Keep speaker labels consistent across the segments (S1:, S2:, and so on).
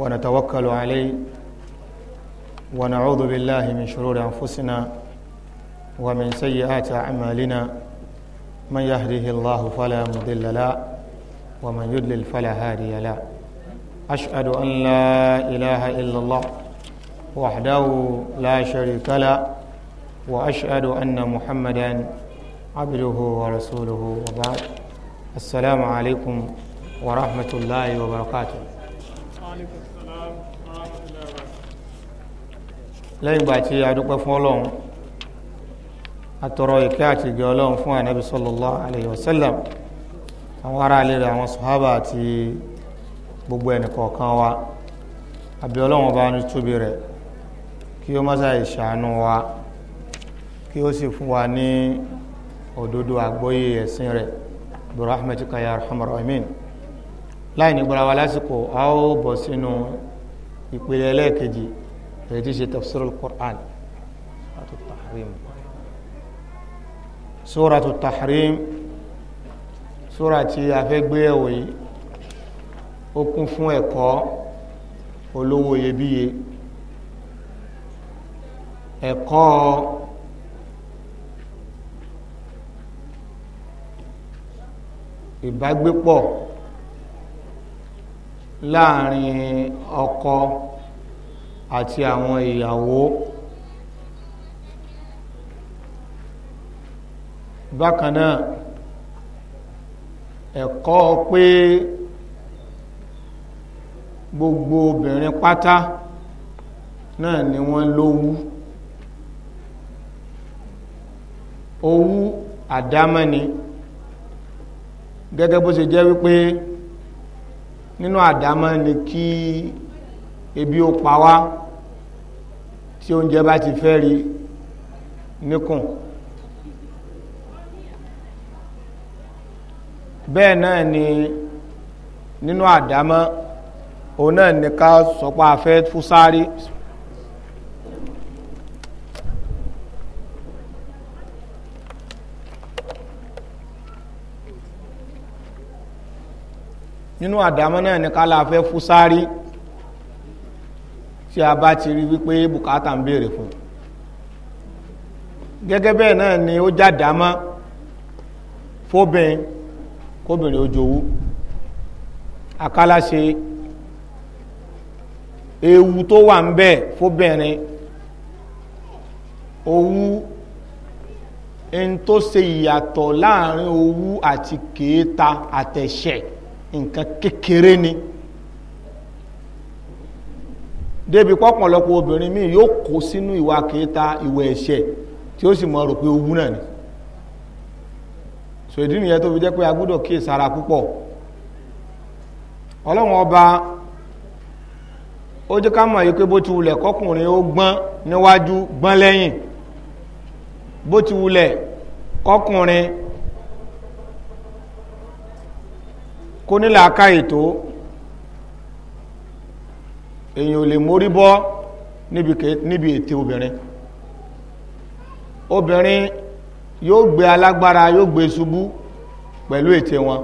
S1: ونتوكل عليه ونعوذ بالله من شرور أنفسنا ومن سيئات أعمالنا من يهده الله فلا مضل له ومن يضلل فلا هادي له أشهد أن لا إله إلا الله وحده لا شريك له وأشهد أن محمدا عبده ورسوله وبعد السلام عليكم ورحمة الله وبركاته lẹ́yìn ìgbà tí a dúpẹ́ fún ọlọ́run atọrọ ìkẹ́ àti ìgẹ́ ọlọ́run fún ànábi sallallahu alayhi wa sallam àwọn ará ilé rẹ̀ àwọn sàhábà àti gbogbo ẹnì kọ̀ọ̀kan wa àbí ọlọ́run bá ní tóbi rẹ̀ kí ó mọ́sá ìṣàánú wa kí ó sì fún wa ní òdodo àgbóyè ẹ̀sìn rẹ̀ bi rahmatika ya arhamar rahimin láì nígbàra lásìkò a ó bọ̀ sínú ìpele ẹlẹ́ẹ̀kejì èyí tí ṣe tafsirul Qur'an suratu tahrim suratu tahrim sura tí a fẹ́ gbé ẹ̀wọ̀ yìí ó kún fún ìbágbépọ̀ láàrin ọkọ àti àwọn ìyàwó bákan náà ẹ̀kọ́ pé gbogbo obìnrin pátá náà ni wọ́n lówú owú àdámẹ́ni gẹ́gẹ́ bó ṣe jẹ́ wípé nínú àdámẹ́ni kí ebi ó pa wá tí oúnjẹ bá ti fẹ́ rí níkùn bẹ́ẹ̀ náà ni nínú àdámọ́ òun náà ní ká sọpá afẹ́ fúsárì nínú àdámọ́ náà ní ká la afẹ́ fúsárì tí a bá ti rí wípé bùkátà ń béèrè fún gẹ́gẹ́ bẹ́ẹ̀ náà ni ó jádàámá fóbìnrin kóbìnrin ojòwú àkàlàṣe ewu tó wà ń bẹ fóbìnrin owú ń tó ṣe ìyàtọ̀ láàrin owú àti kèéta àtẹ̀ṣẹ̀ nǹkan kékeré ni. Ke débi pọ́pọ̀lọpọ̀ obìnrin míì yóò kó sínú ìwà kẹta ìwà ẹ̀ṣẹ̀ tí ó sì mọ̀ rò pé owú náà ni so ìdí nìyẹn tó fi jẹ́ pé a gbọ́dọ̀ kíyè sára púpọ̀ ọlọ́run ọba ó jẹ́ ká mọ̀ yìí pé bó ti wulẹ̀ kọkùnrin ó gbọ́n níwájú gbọ́n lẹ́yìn bó ti wulẹ̀ kọkùnrin kó nílà ká ètò èyàn ò lè mórí bọ́ níbi ètè obìnrin obìnrin yóò gbé alágbára yóò gbé ṣubú pẹ̀lú ètè wọn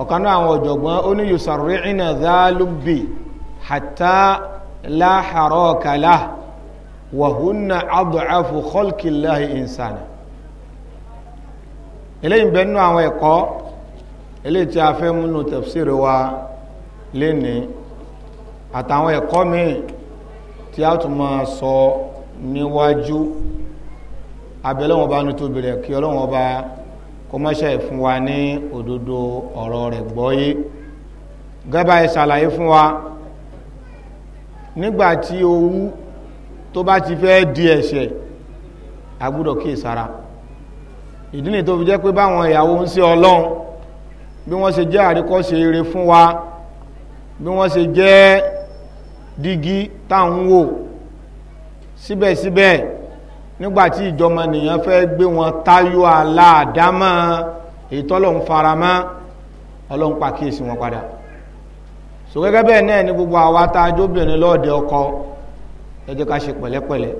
S1: ọ̀kanú àwọn ọ̀jọ̀gbọ́n ó ní yusarri ina zálùbì hatta la haraka lah wa hunna insana eléyìí bẹ́ẹ̀ àwọn ẹ̀kọ́ eléyìí tí a fẹ́ múnú tafsir wa lénìí àtàwọn ẹ̀kọ́ míì tí a tún máa sọ níwájú abẹ́lẹ́wọ̀n bá ní tóbi rẹ̀ kí ọlọ́wọ̀n bá kọmọ́ṣẹ́ fún wa ní òdodo ọ̀rọ̀ rẹ̀ gbọ́yé gẹ́bà ẹ̀ ṣàlàyé fún wa nígbàtí owú tó bá ti fẹ́ di ẹ̀ṣẹ̀ agbúdọ̀ kí ìsára ìdí ni tó fi jẹ́ pé báwọn ìyàwó ń ṣe ọlọ́run bí wọ́n ṣe jẹ́ àríkọ́ṣe eré fún wa bí wọ́n ṣe jẹ́ dígí táwọn wò síbẹ̀síbẹ̀ nígbàtí ìjọmọ nìyàn fẹ́ gbé wọn táyọ aláàdámọ́ ìtọ́lọ̀ ń faramọ́ ọlọ́run pàkíyèsí wọn padà so gẹ́gẹ́ bẹ́ẹ̀ náà ní gbogbo àwa tá a jóbìnrin lọ́ọ̀dẹ ọkọ ẹ jẹ́ ká ṣe pẹ̀lẹ́pẹ̀lẹ́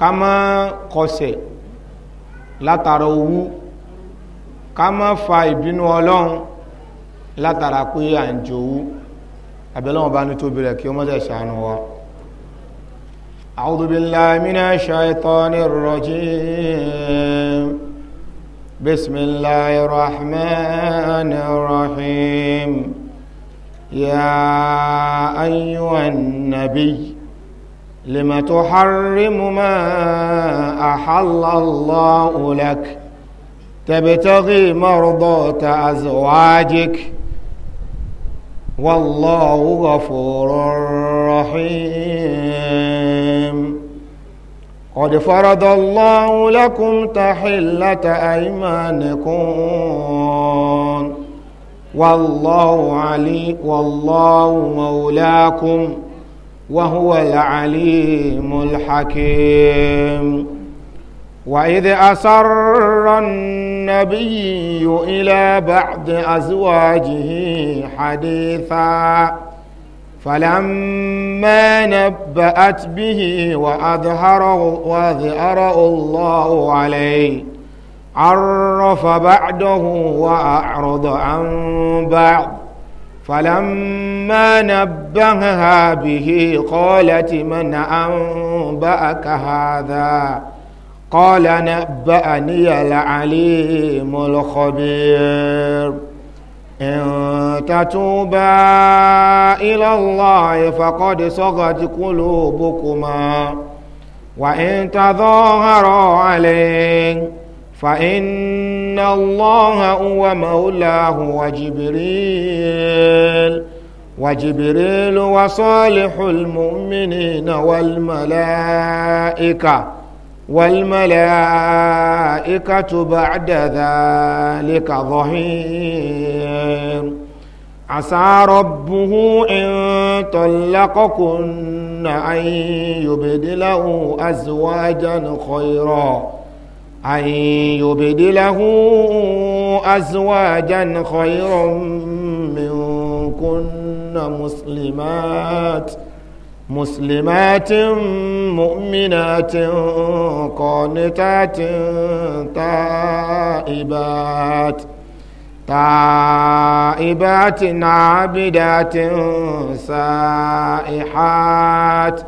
S1: ká má kọsẹ̀ látara owú ká má fa ìbínú ọlọ́run látara pé à ń jowú abẹ́lẹ́wọ̀n بان ní tóbi rẹ̀ kí أعوذ بالله من الشيطان الرجيم بسم الله الرحمن الرحيم يا أيها النبي لم تحرم ما أحل الله لك تبتغي مرضات أزواجك والله غفور رحيم قد فرض الله لكم تحلة أيمانكم والله علي والله مولاكم وهو العليم الحكيم وإذ أسر النبي إلى بعض أزواجه حديثا فلما نبأت به وأظهره, وأظهره الله عليه عرف بعده وأعرض عن بعض فلما نبهها به قالت من أنبأك هذا؟ قال نبأني العليم الخبير إن تتوبا إلى الله فقد صغت قلوبكما وإن تظاهرا عليه فإن الله هو مولاه وجبريل وجبريل وصالح المؤمنين والملائكة والملائكة بعد ذلك ظهير عسى ربه إن طلقكن أن يبدله أزواجا خيرا أن يبدله أزواجا خيرا منكن
S2: مسلمات
S1: ۖ مسلمات مؤمنات قانتات تائبات تائبات عابدات سائحات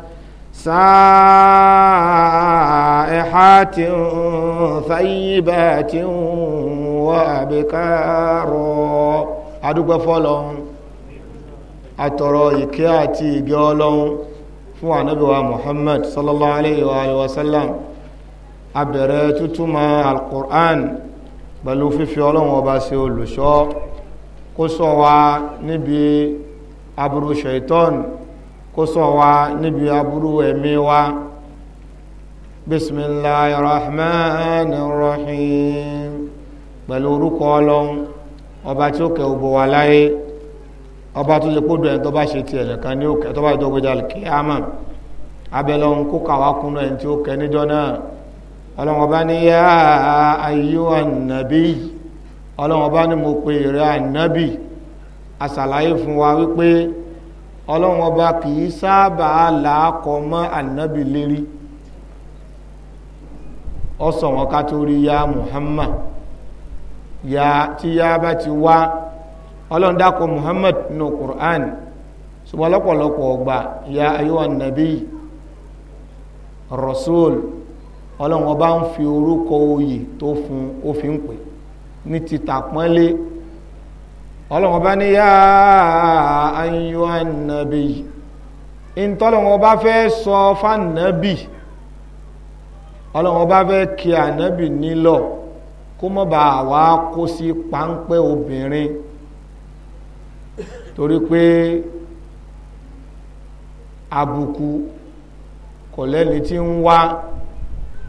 S1: سائحات ثيبات وأبكار أدوك فولون أترى إكياتي جولون fún anabiwa muhammad sallallahu alayhi wa alayhi wa sallam abẹ̀rẹ̀ tútúmọ̀ alukur'an pẹ̀lú fífi ọlọ́run ọba ṣe olùṣọ́ kó ṣọ́ wa níbi aburú shaitan kó ṣọ́ wa níbi aburú ẹ̀mí wa bisimilahi rahman rahim pẹ̀lú orúkọ ọlọ́run ọba tí ó kẹ́ gbogbo wa láyé ọba tó lè kódò ẹni tó bá ṣe ti ẹ̀nìkan ní òkè tó bá jọ gbéjà lè kíámà abẹ́lẹ̀ ohun kó kàwá kúnnú ẹni tí ó kẹ níjọ́ náà ọlọ́wọ́n bá ní yá ayé ànábì ọlọ́wọ́n bá ní mo pe ìrẹ́ ànábì àṣàlàyé fún wa wípé ọlọ́wọ́n bá kì í sábà làákọ mọ́ ànábì lérí ọsàn wọn ká tó rí yá Muhammad yá tí yá bá ti wá ọlọ́run dákọ̀ muhammad nù qur'an ṣùgbọ́n lọ́pọ̀lọpọ̀ ọgbà ya ayéwà nàbí rasul ọlọ́run ọba ń fi orúkọ oyè tó fún òfin pè ní ti tàpọ́nlé ọlọ́run ọba ní ya ayéwà nàbí ìntọ́lọ́run ọba fẹ́ sọ fánàbí ọlọ́run ọba fẹ́ kí ànábì nílọ kó mọ́ bá wa kó sí páńpẹ́ obìnrin torí pé abuku kò lẹ́ni tí ń wá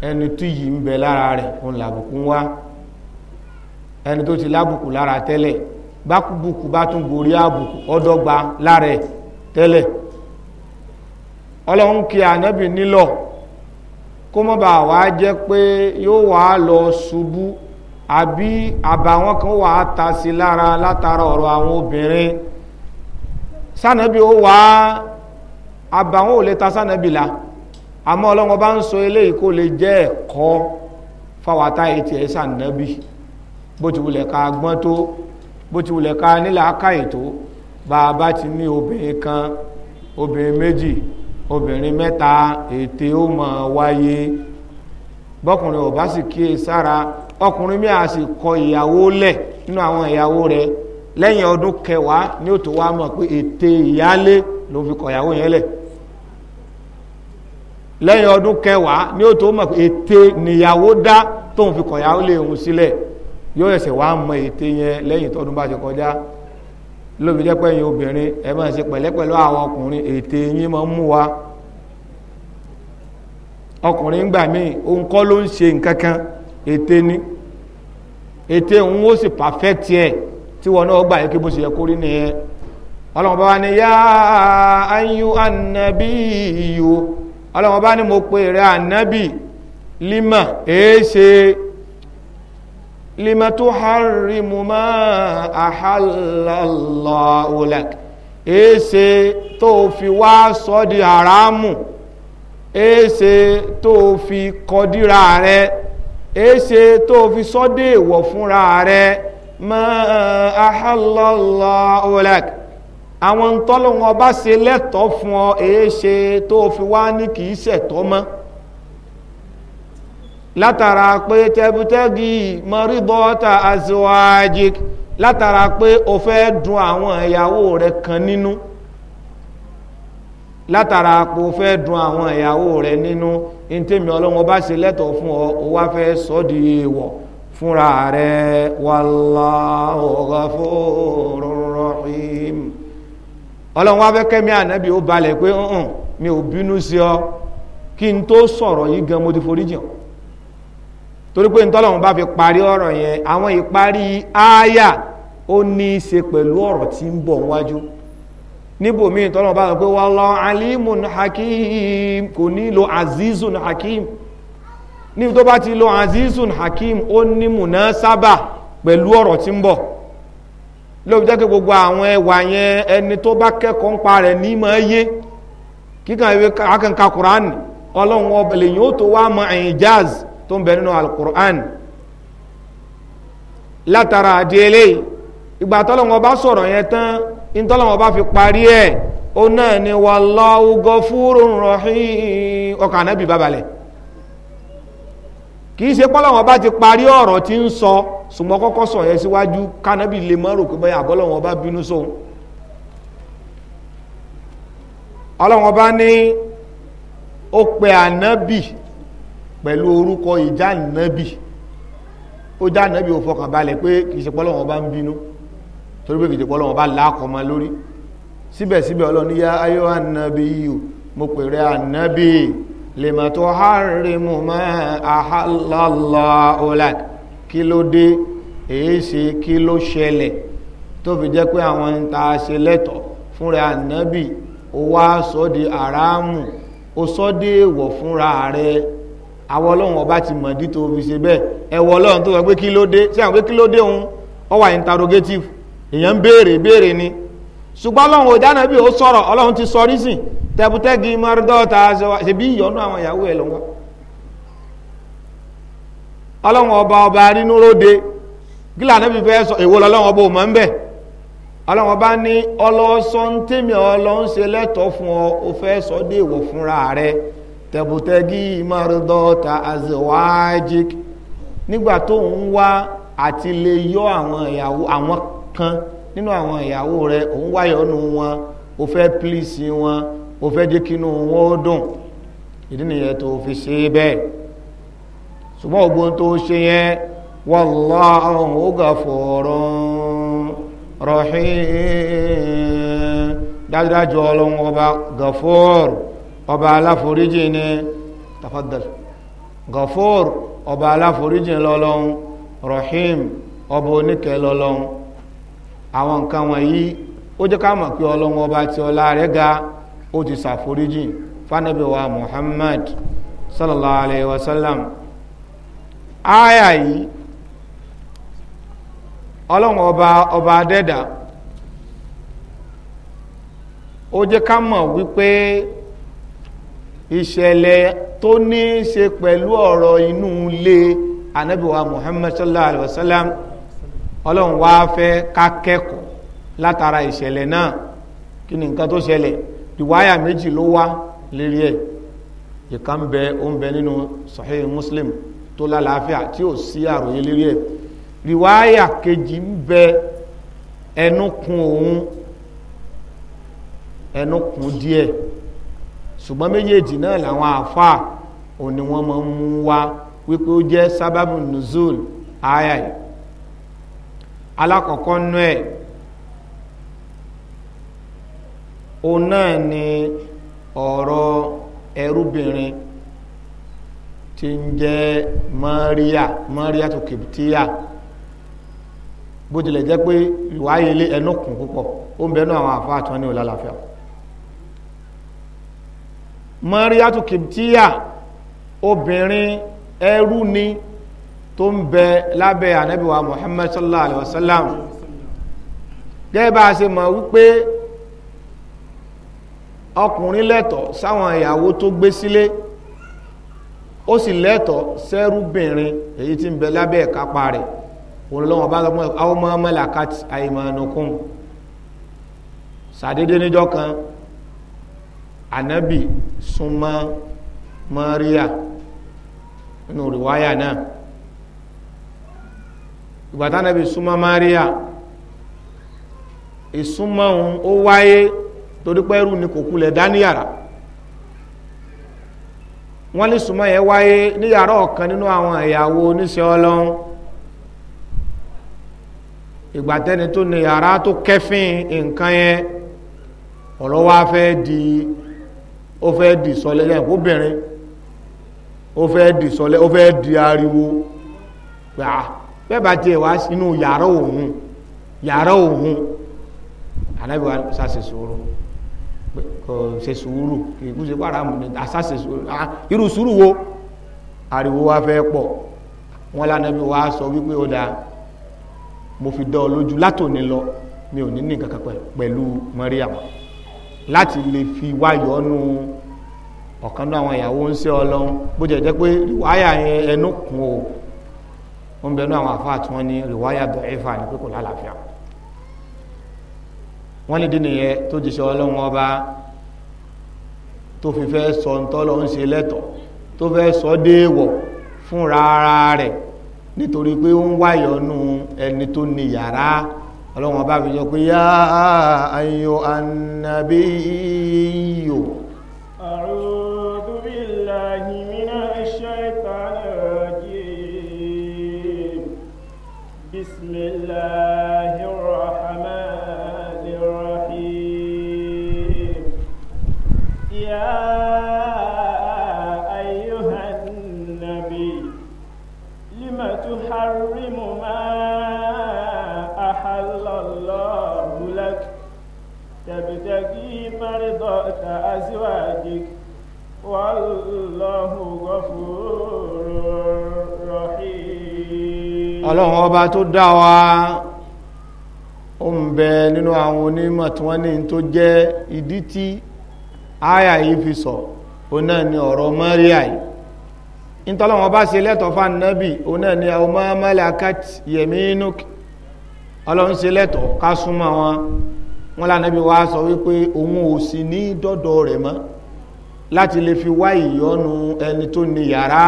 S1: ẹni tí yìí ń bẹ lára rẹ̀ òun làbùkù ń wá ẹni tó ti lábùkù lára tẹ́lẹ̀ bákùbùkù bá tún borí àbùkù ọdọ́gba lára ẹ̀ tẹ́lẹ̀ ọlọ́run kí ànábì nílọ̀ kó mọ́ bá wá jẹ́ pé yóò wá lọ ṣubú àbí àbàwọn kan wà á ta sí lára látara ọ̀rọ̀ àwọn obìnrin sànàbí ó wa á àbàwọn ò lè ta sànàbí la àmọ́ ọlọ́wọ́n bá ń sọ eléyìí kó lè jẹ́ ẹ̀kọ́ fáwọn àtàyè tiẹ̀ sànàbí bó ti wulẹ̀ ká gbọ́n tó bó ti wulẹ̀ ká nílà káyè tó bàbá ti ní obìnrin kan obìnrin méjì obìnrin mẹ́ta ète ó máa wáyé bọ́kùnrin ò bá sì kíyè sára ọkùnrin mi à sì kọ ìyàwó lẹ̀ nínú àwọn ìyàwó rẹ̀ lẹ́yìn ọdún kẹwàá ní ó tó wá mọ̀ pé ète ìyálé ló fi kọ̀yàwó yẹn lẹ́yìn ọdún kẹwàá ní ó tó mọ̀ pé ète nìyàwó dá tó fi kọ̀yàwó lè hun sílẹ̀ yóò ẹ̀sẹ̀ wá mọ̀ ète yẹn lẹ́yìn tọdún bá ti kọjá lóbi jẹ́ pẹ́yìn obìnrin ẹ máa ṣe àwọn ọkùnrin ète yín máa ń mú wa ọkùnrin gbà míì tí wọn náà gbà yẹ kí bó ṣe yẹ kó rí nìyẹn ọlọ́run bá wá ní yá ayú ànábì yìí ọlọ́run bá ní mo pe rẹ ànábì lima èéṣe lima tó harimu mọ́ àhàlọ́lọ́ọ̀lẹ́k èéṣe tó fi wá sọ́dí àràmù èéṣe tó fi kọdíra rẹ èéṣe tó fi sọ́dí èèwọ̀ fúnra rẹ ma ahalallahu lak àwọn ntọ́lọ́wọ́n bá ṣe lẹ́tọ̀ọ́ fún ọ èé ṣe tó fi wá ní kì í ṣẹ̀tọ́ mọ́ látara pé tẹ́bútẹ́gì mọ́rídọ́ta azwajik látara pé o fẹ́ dùn àwọn ìyàwó rẹ kan nínú látara pé o fẹ́ dùn àwọn ìyàwó rẹ nínú ntẹ́mi ọlọ́wọ́n bá ṣe lẹ́tọ̀ọ́ fún ọ o wá fẹ́ sọ́ di èèwọ̀. So fúnra rẹ̀ wallahu ghafurur rahim ọlọ́run wá kẹ́mi ànábì ó balẹ̀ pé hàn mi ò bínú sí ọ kí n tó sọ̀rọ̀ yìí gan mo ti torí pé ntọ́lọ́run bá fi parí ọ̀rọ̀ yẹn àwọn ìparí ááyà ó ní í ṣe pẹ̀lú ọ̀rọ̀ tí ń bọ̀ wájú ntọ́lọ́run bá sọ pé hakim kò ní lo ní tó bá ti lo azizun hakim ó ní munasaba pẹ̀lú ọ̀rọ̀ tí ń bọ̀ lóbi jẹ́ kí gbogbo àwọn ẹwà yẹn ẹni tó bá kẹ́kọ̀ọ́ ń pa rẹ̀ ní mọ̀ yé kíkàn ìwé akẹ́kọ̀ọ́ quran ọlọ́run ọba lèyìn ó tó wá mọ ijaz tó ń bẹ nínú alukur'an látara àdéhélé ìgbà tọ́lọ́run ọba sọ̀rọ̀ yẹn tán ìtọ́lọ́run ọba fi parí ẹ̀ ó náà ni wallahu gafurun ọkàn anábì bàbàlẹ̀ kì í ṣe pọ́lọ́wọ́n bá ti parí ọ̀rọ̀ tí ń sọ ṣùgbọ́n kọ́kọ́ sọ yẹn síwájú kánábì lè mọ́ rò pé bẹ́ẹ̀ àbọ́lọ́wọ́n bá bínú sóun ọlọ́wọ́n bá ní ó pe ànábì pẹ̀lú orúkọ ìjà ànábì ó já ànábì ò fọkàn balẹ̀ pé kì í ṣe pọ́lọ́wọ́n bá ń bínú torí pé kì í ṣe pọ́lọ́wọ́n bá láàkọ́ mọ́ lórí síbẹ̀síbẹ̀ ọlọ́run yá ayọ́ ànábì yìí mo pè rẹ ànábì yìí lèmọ̀ tó hárìmù mọ́ àhálàlá olak kí ló dé èyí ṣe kí ló ṣẹlẹ̀ tó fi jẹ́ pé àwọn ń ta ṣe lẹ́tọ̀ fúnra ànábì ó wá sọ di àràmù ó sọ dé èèwọ̀ fúnra rẹ àwọn ọlọ́run ọba ti mọ̀dí tó fi ṣe bẹ́ẹ̀ ẹ̀wọ̀ ọlọ́run tó sọ pé kí ló dé ṣé àwọn pé kí ló dé òun ó wà interrogative èèyàn ń béèrè béèrè ni ṣùgbọ́n ọlọ́run ò dáná bí ó sọ̀rọ̀ ọlọ́run ti sọ rí sìn tẹbutẹ́gì mọ́rọ́dọ́ta ṣe bí ìyọnu àwọn ìyàwó ẹ̀ lọ́wọ́ ọlọ́wọ́n ọba ọba nínú lóde gíla níbi fẹ́ sọ èwo ọba òmọ́ ń bẹ̀ ọlọ́wọ́n bá ní ọlọ́sọ ń fún ọ o sọ dé fúnra rẹ nígbà tó ń wá àti lè yọ àwọn àwọn kan nínú àwọn rẹ òun ó fẹ́ jẹ́ kínú wọn ó dùn ìdí tó fi ṣe bẹ́ẹ̀ ṣùgbọ́n ogun tó ṣe yẹn wallahu ghafurun rahim dájúdájú ọlọ́run ọba ghafur ọba aláforíjì ni tafaddal ghafur ọba aláforíjì lọ́lọ́run rahim ọba oníkẹ́ lọ́lọ́run àwọn nǹkan wọ̀nyí ó jẹ́ ká mọ̀ pé ọlọ́run ọba ti ọlá rẹ̀ ga ó ti ṣàforíjì fanabi wa muhammad sallallahu alayhi wa sallam aya yìí ọlọ́run ọba ọba adẹ́dà ó jẹ́ ká mọ̀ wípé ìṣẹ̀lẹ̀ tó ní í ṣe pẹ̀lú ọ̀rọ̀ inú ilé anabi wa muhammad sallallahu alayhi wa ọlọ́run wá fẹ́ ká kẹ́kọ̀ọ́ látara ìṣẹ̀lẹ̀ náà kí ni nǹkan tó ṣẹlẹ̀ riwaya méjì ló wá lérí ẹ̀ ìkan ń bẹ ó ń bẹ nínú sahih muslim tó lálàáfíà tí ò sí àròyé lérí ẹ̀ riwaya kejì ń bẹ ẹnu kun òun ẹnu kun díẹ̀ ṣùgbọ́n méjèèjì náà làwọn àáfàá òun ni máa ń mú wá wípé ó jẹ́ sábàbù nùzúl ayà yìí alákọ̀ọ́kọ́ nú òun náà ni ọ̀rọ̀ ẹrúbìnrin tí ń jẹ́ Maria Maria tó kìbìtìyà bó tilẹ̀ jẹ́ pé ìwáyé ilé ẹnu kùn púpọ̀ ó ń bẹnu àwọn àfáà tán ní ọlálàáfíà Maria tó kìbìtìyà obìnrin ẹrú ni tó ń bẹ lábẹ́ ànábìwá Muhammad sallallahu alaihi wasallam gẹ́gẹ́ bá a ṣe mọ̀ wípé ọkùnrin lẹ́tọ̀ sáwọn ìyàwó tó gbé sílé ó sì lẹ́tọ̀ sẹ́rúbìnrin èyí tí ń bẹ lábẹ́ ìkápá rẹ̀ òun lọ́wọ́ bá lọ́mọ àwọn ọmọ mẹ́làkàtì àìmọ̀nukùn sàdédé níjọ́ kan ànábì súnmọ́ Maria nínú rìwáyà náà ìgbà tánábì súnmọ́ Maria ìsúnmọ́ òun ó wáyé torí pé ẹrú ni kò kulẹ̀ dání yàrá wọ́n ní súnmọ́ yẹn wáyé ní yàrá ọ̀kan nínú àwọn ìyàwó oníṣẹ́ ọlọ́run ìgbà tẹ́ni tó ní yàrá tó kẹ́fín nǹkan yẹn ọ̀rọ̀ wa fẹ́ di ó fẹ́ di sọlẹ̀ yẹn kó bẹ̀rẹ̀ ó fẹ́ di sọlẹ̀ ó fẹ́ di ariwo gbà ah, bẹ́ẹ̀ bá tiẹ̀ wá sínú yàrá òun yàrá òun ànábìwá sàṣẹ̀ sọ̀rọ̀ kò ṣe sùúrù kìkú ṣe pàràmù ní àṣàṣe sùúrù irú sùúrù wo ariwo wa fẹ́ pọ̀ wọn lánàbí wa sọ wípé ó dáa mo fi dán ọ lójú látòní lọ mi ò ní ní nǹkan kan pẹ̀lú Mariam láti lè fi wáyọ̀ ọ́nù ọ̀kan náà àwọn ìyàwó ń ṣe ọlọ́run bó jẹ́ jẹ́ pé rìwáyà yẹn ẹnu kún o ó ń bẹnu àwọn àfáà tí wọ́n ní rìwáyà dọ̀ ẹ̀fà ní pé lálàáfíà wọ́n ní dín nìyẹn tó jíṣẹ́ ọlọ́run ọba tó fi fẹ́ sọ ntọ́lọ́ ń ṣe lẹ́tọ̀ tó fẹ́ sọ déèwọ̀ fúnra ara rẹ̀ nítorí pé ó ń wáyọ̀nù ẹni tó ní yàrá ọlọ́run ọba fi sọ pé yá ayò ànàbíyò. ọlọ́run ọba tó dá wa ó ń bẹ nínú àwọn onímọ̀ tí wọ́n ní tó jẹ́ ìdí tí àyà yìí fi sọ òun náà ni ọ̀rọ̀ mọ́ríà yìí ìtọ́lọ́wọ́n bá ṣe lẹ́tọ̀ fánàbì òun náà ni ọmọ malakat yaminuk ọlọ́run ṣe lẹ́tọ̀ ká súnmọ́ wọn wọn lànàbí wa sọ wípé òun ò sì ní dọ́dọ̀ rẹ̀ mọ́ láti lè fi wá ìyọ́nu ẹni tó ní yàrá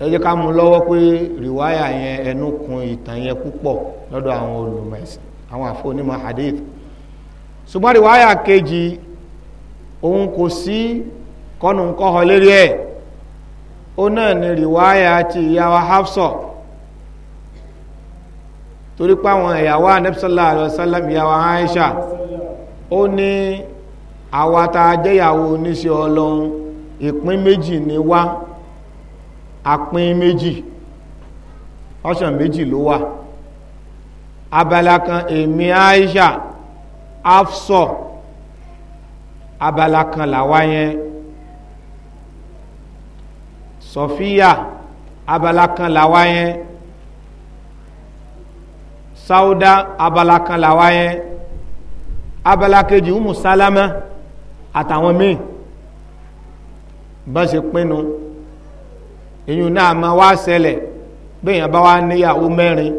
S1: ẹ jẹ́ ká mú lọ́wọ́ pé rìwáyà yẹn ẹnu kun ìtàn yẹn púpọ̀ lọ́dọ̀ àwọn olùmọ̀ẹ̀sìn àwọn àfọnímọ̀ hadith ṣùgbọ́n rìwáyà kejì òun kò sí kọ́nù ń kọ́họ lérí ẹ̀ ó náà ni rìwáyà ti ìyàwó Hafsa torí pé àwọn ìyàwó anẹ́bísọ́lá àlọ́sálàm ìyàwó Aisha ó ní àwa tá a jẹ́yàwó oníṣẹ́ ọlọ́run ìpín méjì ni wá àpín méjì ọ̀sán méjì ló wà abala kan èmi Aisha Afsọ abala kan làwa yẹn Sofia abala kan làwa yẹn Sauda abala kan làwa yẹn abala kejì Umu Salama àtàwọn míì bá ṣe pinnu. No èyí náà máa wá ṣẹlẹ̀ bẹ́ẹ̀yàn bá wá níyàwó mẹ́rin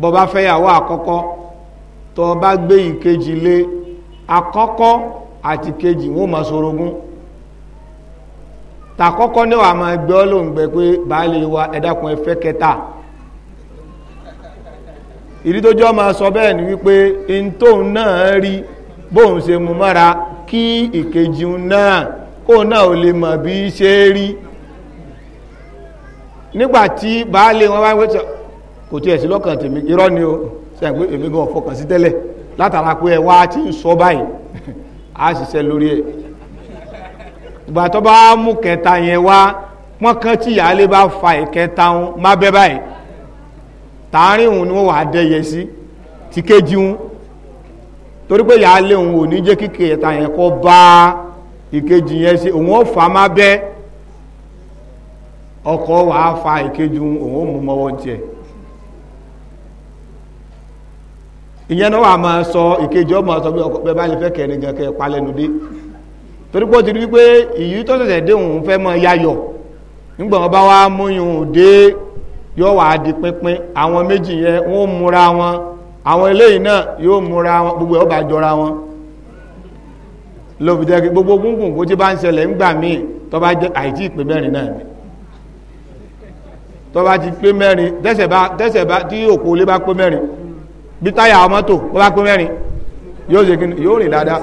S1: bọ́ bá fẹ́yàwó àkọ́kọ́ tó o bá gbé ìkejì lé àkọ́kọ́ àti kejì wọ́n máa sorogún tàkọ́kọ́ ní máa gbé ọ́ lóun gbẹ pé baálé wa ẹ dákun ẹ fẹ́ kẹta ìrí tó jọ́ máa sọ bẹ́ẹ̀ ni wípé n tóun náà rí bóun ṣe mú mọ́ra kí ìkejì náà kóun náà ò lè mọ̀ bí ṣe rí nígbàtí baálé wọn bá wọ́n sọ kò tí ẹ̀ sí lọ́kàn tèmi irọ́ ni o sẹ́yìn pé èmi gan fọkàn sí tẹ́lẹ̀ látara pé ẹ wá ti ń sọ báyìí a ṣiṣẹ́ lórí ẹ̀ ìgbà tó bá mú kẹta yẹn wá wọ́n kàn tí ìyáálé bá fa ìkẹta wọn má bẹ́ báyìí tààrin òun ni wọ́n wàá dẹyẹ sí ti kéjì òun torí pé ìyáálé òun ò ní jẹ́ kíkẹ́ ìta yẹn kọ́ bá ìkejì yẹn ṣe òun ó fà má bẹ́ẹ̀ ọkọ̀ wà á fa ìkejì òun mú mọ́wọ́ tiẹ̀ ìyẹn náà wà máa sọ ìkejì ọmọ sọ pé ọkọ̀ pé bá lè fẹ́ kẹrin gan kẹ palẹ́nu dé torí pé ó ti rí wípé ìyí tó ṣẹ̀ṣẹ̀ dé òun fẹ́ mọ yayọ̀ nígbà wọn bá wá múyùn dé yóò wà á di pínpín àwọn méjì yẹn wọn ó múra wọn àwọn eléyìí náà yóò múra wọn gbogbo ẹ̀ ó bá jọra wọn lóbi jẹ́ gbogbo gúngùn kó tí bá ń ṣẹlẹ̀ ńgbà míì tó bá jẹ́ àìtí ìpè mẹ́rin náà ni tó bá ti pé mẹ́rin tẹ́sẹ̀ bá tẹ́sẹ̀ bá tí òkú olé bá pé mẹ́rin bí táyà mọ́tò ó bá pé mẹ́rin yóò ṣe kí yóò rìn dáadáa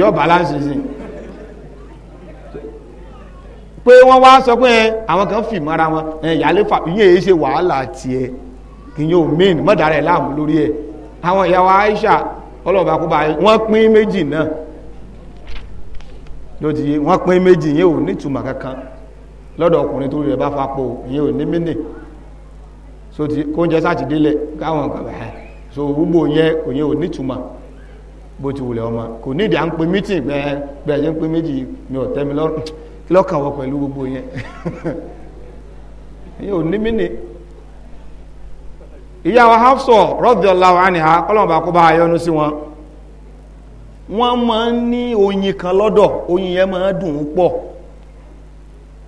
S1: yóò balance sí pé wọ́n wá sọ pé àwọn kan fi mọ́ra wọn ìyálé fà ìyẹn èyí ṣe wàhálà tiẹ̀ ìyẹn ò main mọ́dàrẹ́ láàmú lórí ẹ̀ àwọn ìyàwó Aisha ọlọ́ọ̀bá kó bá wọ́n pín méjì náà lójijì wọ́n pín méjì yẹn ò nítumọ̀ kankan lọ́dọ̀ ọkùnrin tó rí rẹ̀ bá fapò ìyẹn ò ní mínì so ti kóúnjẹ sátidélẹ̀ káwọn nǹkan bẹ̀rẹ̀ so gbogbo yẹn òyìn ò nítumọ̀ bó ti wùlẹ̀ ọmọ kò nídìí à ń pe mítìn bẹ́ẹ̀ bẹ́ẹ̀ yẹn ń pe méjì mi ò tẹ́mi lọ́rùn kí lọ́kàn wọ pẹ̀lú gbogbo yẹn ìyẹn ò ní mínì ìyá wa Hafsa radiyallahu anha kọ́lọ́mọba kó bá a sí wọn wọ́n máa ń ní oyin kan lọ́dọ̀ oyin yẹn máa dùn ún pọ̀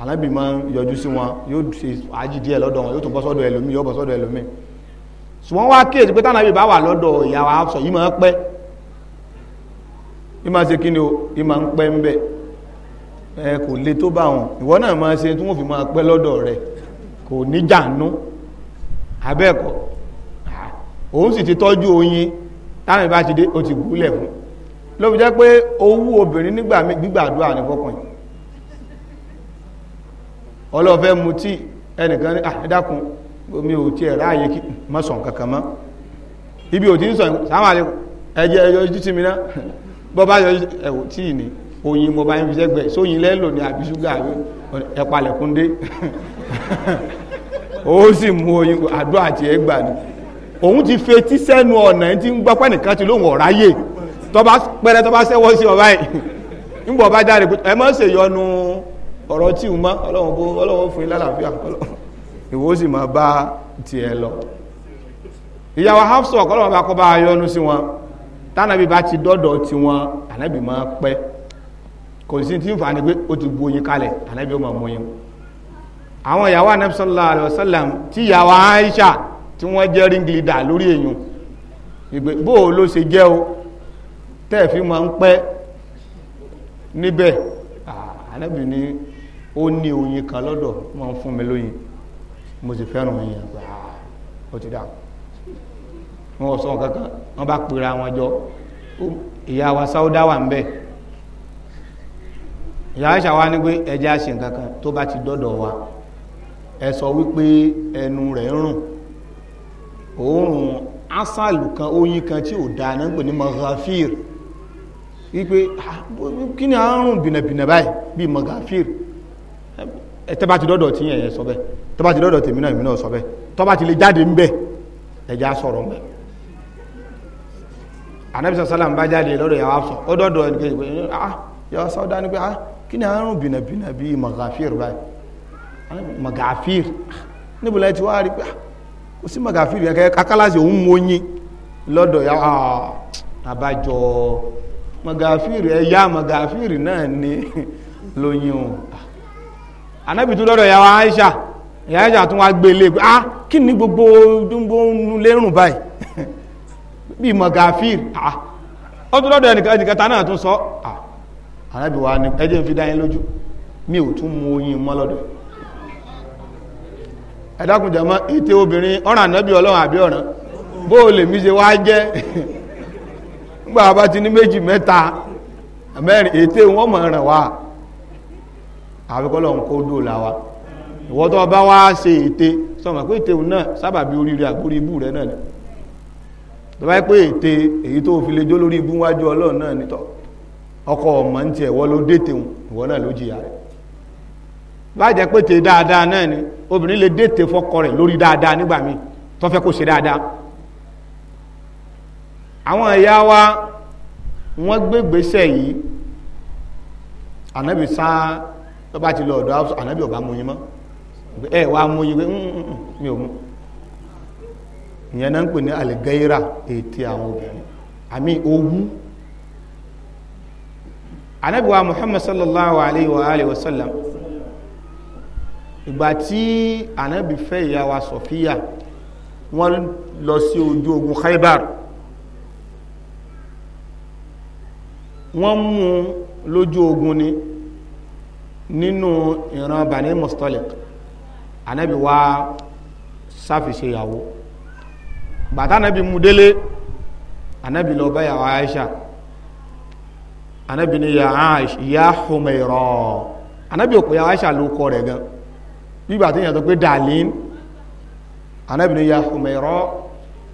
S1: anábì máa ń yọjú sí wọn yóò ṣe àájì díẹ̀ lọ́dọ̀ wọn yóò tún bọ́ sọ́dọ̀ ẹlòmíì yóò bọ́ sọ́dọ̀ ẹlòmíì ṣùgbọ́n wá kéèsì pé tánàbì bá wà lọ́dọ̀ ìyá wa sọ yìí máa ń pẹ́ yìí máa ṣe kí ni o yìí máa ń pẹ́ ń bẹ̀ ẹ kò le tó bá wọn ìwọ náà máa ṣe tí wọ́n fi máa pẹ́ lọ́dọ̀ rẹ̀ kò ní jàánú abẹ́ẹ̀kọ́ òun sì ti tọ́jú oyin tánàbì bá ti dé o ti gúlẹ̀ fún ló jẹ́ pé owó obìnrin nígbà gbígbàdúrà ní fọkàn ọlọ́fẹ́ tí ẹnìkan ní àdákun ah, omi ò tí ẹ̀rá àyè kí mọ́sàn kankan ibi ò tí ń sọ ẹjẹ́ ẹjọ́ mi yọ ẹ̀wò tí ní oyin mo bá ń sóyin lẹ́lò ní àbí ṣúgà ó sì mú oyin àti ẹgbà ni òun ti fetí sẹ́nu ọ̀nà tí ń gbọ́pẹ́ nìkan ti lóhùn ọ̀ráyè tọ́ba pẹ́rẹ́ tọ́ba sẹ́wọ́ sí ọba ọ̀rọ̀ tí ò mọ́ ọlọ́run bó ọlọ́run fún yín lálàáfíà ìwọ ó sì máa bá tiẹ̀ lọ ìyàwó Hafsa ọ̀kọ́lọ́wọ́ bá kọ́ bá yọnu sí wọn tánàbí bá ti dọ́dọ̀ tí wọn ànábì máa pẹ́ kò sí tí ń fà ní pé ó ti bu oyin kalẹ̀ ànábì ó máa mú yín àwọn ìyàwó ànábì sallallahu alaihi wasallam tí ìyàwó Aisha tí wọ́n jẹ́ ring leader lórí èèyàn ìgbé bó o ló ṣe jẹ́ o tẹ́ẹ̀fí máa ń pẹ́ níbẹ̀ ànábì ní ó ní oyin kan lọ́dọ̀ ma ń fún mi mo sì fẹ́ràn oyin àgbà ó ti wọn ò sọ kankan wọn bá jọ ìyá wa sáúdá wà ń bẹ ìyá àṣà wa ní pé wa ẹ sọ ẹnu rẹ ń rùn òórùn kan oyin kan tí ò náà pè ní wípé ah, kí ni bìnàbìnà tẹ́bá ti dọ́dọ̀ tí yẹn sọ bẹ́ẹ̀ tẹ́bá ti dọ́dọ̀ tèmi náà èmi náà sọ bẹ́ẹ̀ tọ́bá ti lè jáde ń bẹ̀ ẹja sọ̀rọ̀ mẹ́ anabisa salam bá jáde lọ́dọ̀ yà wá sọ ó dọ́dọ̀ ẹni kejì pé ah yà sọ dání pé ah kí ni àrùn bìnàbìnà bíi magafir báyìí magafir níbo la ti wá rí pé ah, kò sí magafir yẹn kẹ́ kakálàsì òun mú oyin lọ́dọ̀ yà ah anabi tún lọ́dọ̀ aisha ìyàwó aisha atụ wá gbé ilé ah kí ni gbogbo gbogbo lérùn báyìí bíi mọ̀gáfíìr ah ó tún lọ́dọ̀ ẹnìkan náà tún sọ ah anabi wa ni ẹ jẹ́ n fi dá lójú mi ò tún mu oyin mọ́ lọ́dọ̀ ẹ mọ́ anabi ọlọ́run àbí ọ̀ràn bó o lè mí ṣe wá jẹ́ bá ti ní méjì mẹ́ta mẹ́rin àbíkọ́lọ̀ ń kó dóòlà wa ìwọ́n tó bá wá ṣe ète sọmọ pé ète náà sábàbí oríire àgbórí ibú rẹ náà ni tó bá pé ète èyí tó fi lè jó lórí ibú wájú ọlọ́run náà nítọ́ ọkọ̀ ọmọ ń tiẹ̀ wọ́n ló dé tèun ìwọ́n náà ló jìyà rẹ̀ bá jẹ́ pé ète dáadáa náà ni obìnrin lè dé ète fọ́kọ rẹ̀ lórí dáadáa nígbà míì tó fẹ́ kó ṣe dáadáa àwọn ìyá wa wọ́n gbégbèsẹ̀ yìí ànábì tó bá ti lọ ọ̀dọ̀ ànábì ọba mú yín mọ́ ẹ wàá mú yín pé mm, mm, mm, mi ò mú ìyẹn náà ń pè ní àlẹ́gẹ́yìrà ètè àwọn obìnrin àmì owú ànábì wa Muhammad sallallahu alayhi wa alayhi wa sallam ìgbà tí ànábì fẹ́ ìyá wa Sọfíà lọ sí ojú ogun Khaybar wọ́n mú lójú ogun ni nínú ìran bani mustalik anabi wa sáfìsẹ ìyàwó bàtà anabi mudele anabi lọ bá yàwó aisha anabi ni ya aish ya humairọ anabi òkú ya aisha ló kọ rẹ̀ gan bíbà tí yàn pé dalin anabi ni ya humairọ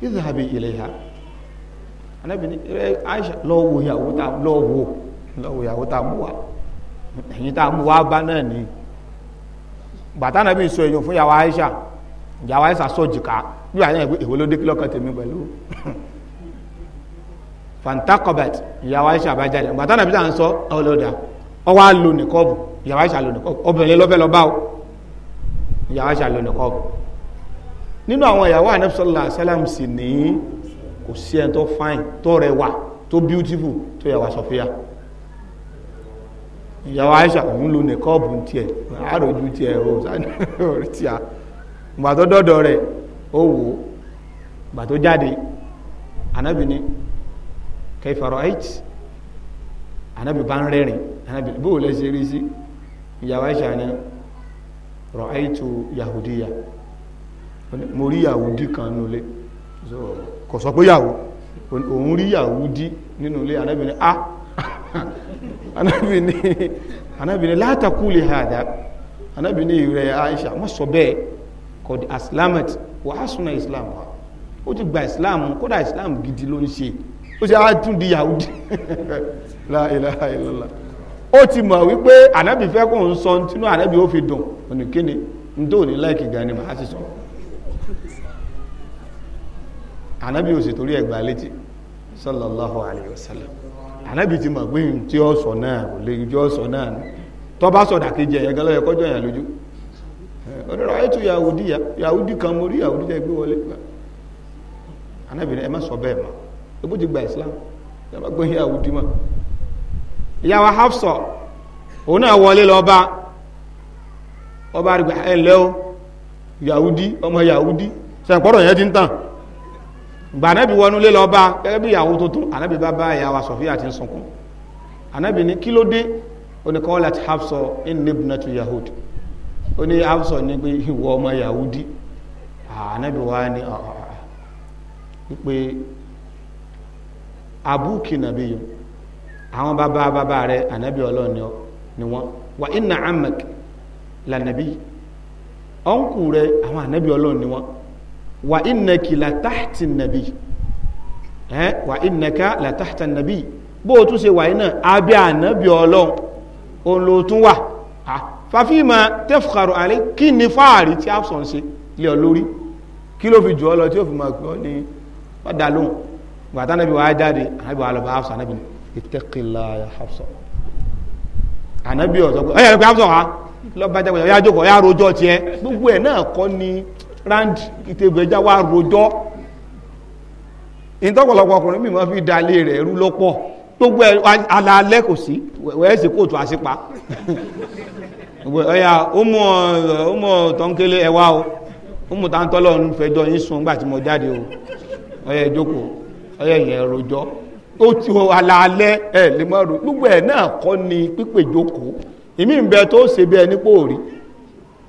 S1: idhabi ilayha anabi ni aisha lọ wo yàwó ta lọ wo lọ wo yàwó ta mú wa. ẹ̀yìn tá a mú wá bá náà ni bàtà náà bí sọ èyàn fún yàwó Aisha yàwó Aisha sọ jìká bí wàá yẹn èwo ló dé kílọ̀kan tèmi pẹ̀lú fantakobat yàwó Aisha bá jáde bàtà náà bí sàn sọ ọlọ́dà ọwọ́ á lo nìkọ́ọ̀bù yàwó Aisha lo nìkọ́ọ̀bù obìnrin lọ́fẹ́ lọ bá o yàwó Aisha lo nìkọ́ọ̀bù nínú àwọn ìyàwó anabisọ́lá sálàm sì ní kò sí ẹni tó fine tó rẹwà tó beautiful tó yàwó Sofia. ìyàwó Aisha òun lo nìkọ́ọ̀bù ń tiẹ̀ àròjù tiẹ̀ o sáré orí tíya ìgbà tó dọ́dọ̀ rẹ̀ ó wò ó ìgbà tó jáde anabi ni kẹfàrọ̀ ait anabi bá ń rẹ́rìn anabi bóò lè ṣe rí sí ìyàwó Aisha ni rọ̀ aitu yahudiya mo rí yahudi kan nulẹ̀ kò sọ pé yahoo òun rí yahudi nínú ilé anabi ni ah anabi ni anabi ni látakúlì hàdá anabi ni aisha má sọ bẹ́ẹ̀ kọ̀dí aslamat wà á islam wa o ti gba islam da islam gidi lo n ṣe o ti á di yahudi la ilaha illallah ó ti mọ̀ wípé anabi fe kó ń ntinu anabi o fi dùn oníkéne ń ni ní láìkì gan ni si so anabi ò sì torí ẹgbàá létí sallallahu alayhi wasallam ànábì ti mọ̀ pé tí ó sọ náà kò lè jọ sọ náà ni tó bá sọ̀dà kejì ẹ̀yẹ gẹ́lẹ́ ẹ̀kọ́ jọyàn lójú onírọ̀ ayétu yahudi yahudi kan mo rí yahudi jẹ́ gbé wọlé ànábì ẹ má sọ bẹ́ẹ̀ mọ́ ebú ti gba islam ẹ má gbé yahudi mọ́ ìyàwó hafsọ òun náà wọlé lọ bá ọba àrígbà ẹ̀ ńlẹ́ o yahudi ọmọ yahudi sẹ̀pọ̀rọ̀ yẹn ti ń tàn gbà anábì wọnú lé lọ́ọ́ bá gẹ́gẹ́ bí ìyàwó tuntun anábì bá bá ìyàwó Sofia ti ń sunkún anábì ní kí ló dé oníkọ́ láti Hafsa inni ibnatu yahud ó ní Hafsa ní pé ìwọ ọmọ yahudi anábì wá ní ah, ah, ah. pé abúkì nàbí yìí àwọn bàbá bàbá rẹ anábì ọlọ́ọ̀ni ni wọ́n wà inna amak lànàbí ọ̀nkù rẹ àwọn anábì ọlọ́ọ̀ni wọ́n wa innaki la tahti nabi eh wa innaka la tahta nabi bó tún ṣe wà ina abi anabi Ọlọ́hun on ló tún wà ah fa fi ma tafkharu alay kíni fáàrí tí afson ṣe lé olórí kí ló fi jù ọ́ lọ tí fi máa ko ni pada lohun gba ta nabi wa jáde anabi wa lọ bá hafsa nabi ittaqilla ya hafsa anabi ó sọ ko eh pe hafsa wa lọ bá jáde ya jókòó ya rojọ́ tiẹ̀ gbogbo ẹ̀ náà kọ́ ni round ìtẹ̀gbẹ́ já wá rojọ́ ìtọ́pọ̀lọpọ̀ ọkùnrin mímọ́ fi dalé rẹ̀ rú lọ́pọ̀ gbogbo ẹ̀ alalẹ́ kò sí wẹ́ẹ́ sì kóòtù àṣípa ọ̀yà ó mọ̀ ẹ̀wá o ó mọ̀ ń fẹjọ́ yín nígbà tí mo jáde o ọ̀yà ìjókòó ọ̀yà ìyẹn rojọ́ ó ti alalẹ́ ẹ̀ lè mọ̀ rò gbogbo ẹ̀ náà kọ́ ni pípé jókòó ìmí ń bẹ tó ṣe bẹ́ẹ̀ nípò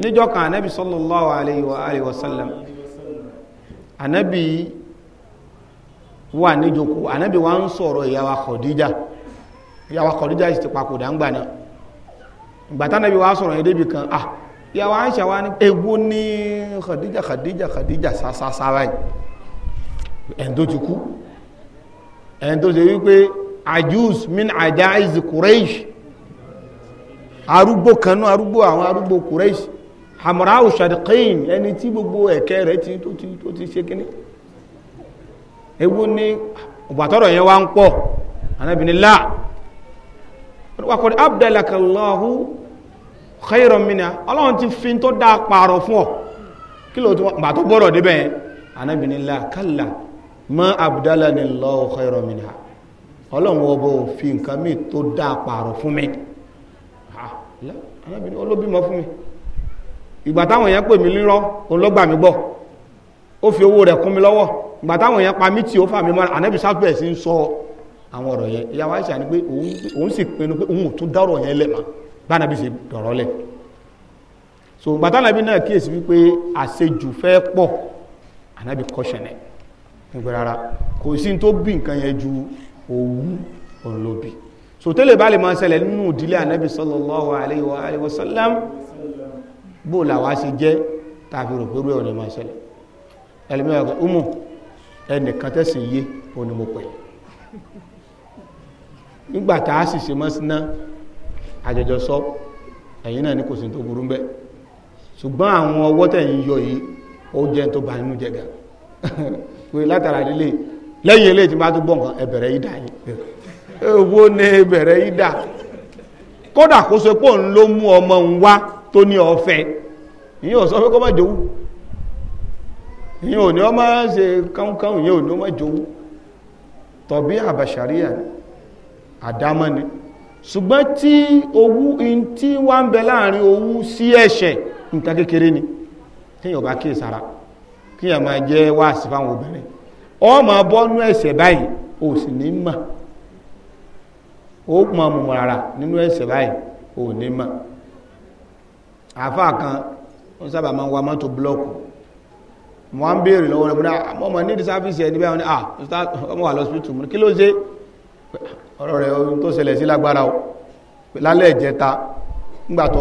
S1: níjọ́ kan anabi sallallahu alayhi wa alayhi wa sallam anabi wà níjòkó anabi wà ń sọ̀rọ̀ ìyàwó Khadija ìyàwó Khadija sì ti papòdà ń gbà náà ìgbàtà anabi wà sọ̀rọ̀ yẹn débi kan ah ìyàwó Aisha wà ní ewu ní Khadija Khadija Khadija sàṣàṣàrà yìí ẹ̀ńdó ti kú ẹ̀ńdó ti wípé ajus min ajaiz Quraysh arúgbó kanú arúgbó àwọn arúgbó Quraysh hamra'u shadqin ẹni tí gbogbo ẹ̀kẹ́ rẹ̀ ti tó ti tó ti ṣe kíní ewu ní ọ̀gbàtọ́rọ̀ yẹn wá ń pọ̀ anábìnilá wàkọ̀dé abdalakallahu khayran mina ọlọ́run ti fi tó dá pààrọ̀ fún ọ kí ló tó gbà tó bọ́rọ̀ débẹ̀ anábìnilá kalla ma abdalanillahu khayran mina ọlọ́run ọbọ̀ òfin nǹkan mi tó dá pààrọ̀ fún fún mi ìgbà táwọn èèyàn pè mí lírọ́ òun ló gbà mí gbọ́ ó fi owó rẹ̀ kún mi lọ́wọ́ ìgbà táwọn èèyàn pa mí tì ó fà mí mọ́ra ànábì sábẹ̀ sí ń sọ àwọn ọ̀rọ̀ yẹn ìyá wa ṣàní pé òun sì pinnu pé òun ò tún dárò yẹn lẹ̀ mà bá ànábì dọ̀rọ̀ lẹ̀ so ìgbà táwọn náà kíyèsí wípé àṣejù fẹ́ pọ̀ ànábì kọ́ṣẹ̀nẹ̀ nígbà rárá kò sí tó bí nǹkan yẹn ju òwú òun ló bíi sòtẹ́lẹ̀ bá lè máa ṣẹlẹ̀ nínú ìdílé ànábì sallallahu alayhi wa sallam bó làwọn á ṣe jẹ́ tàbí rò pẹ̀lú ọ̀nà máa umu ẹnìkan tẹ̀sí yé òun ni a sì sọ ẹ̀yìn náà ní kò sí tó burú ṣùgbọ́n àwọn ọwọ́ tẹ̀yìn yọ yìí ó jẹ́ tó bá nínú jẹ́gà pé látara lílé lẹ́yìn ilé bá tó ẹ̀bẹ̀rẹ̀ ìdá yìí owó tó ní ọ̀fẹ́ ìyẹn sọ pé kó má jowú ìyẹn ní ọ má ṣe káúnkáún ìyẹn ní ọ má jowú tọ̀bí àbàṣàríyà àdámọ́ ni ṣùgbọ́n tí owú in tí wá ń bẹ láàrin owú sí ẹ̀ṣẹ̀ nǹkan kékeré ni kíyàn bá kíyè sára kíyàn máa jẹ́ wáàsí fáwọn obìnrin ọ máa bọ́nú ẹ̀ṣẹ̀ báyìí sì ní mà ó máa rárá nínú ẹ̀ṣẹ̀ báyìí ní mà àáfàá kan wọ́n sábà máa ń wa mọ́tò blọ́ọ̀kù wọ́n á ń béèrè lọ́wọ́ rẹ̀ mọ́ mọ́ ní ah, ẹni bẹ́ẹ̀ ni ah, ọmọ wà kí ló o lálẹ́ ìjẹta tó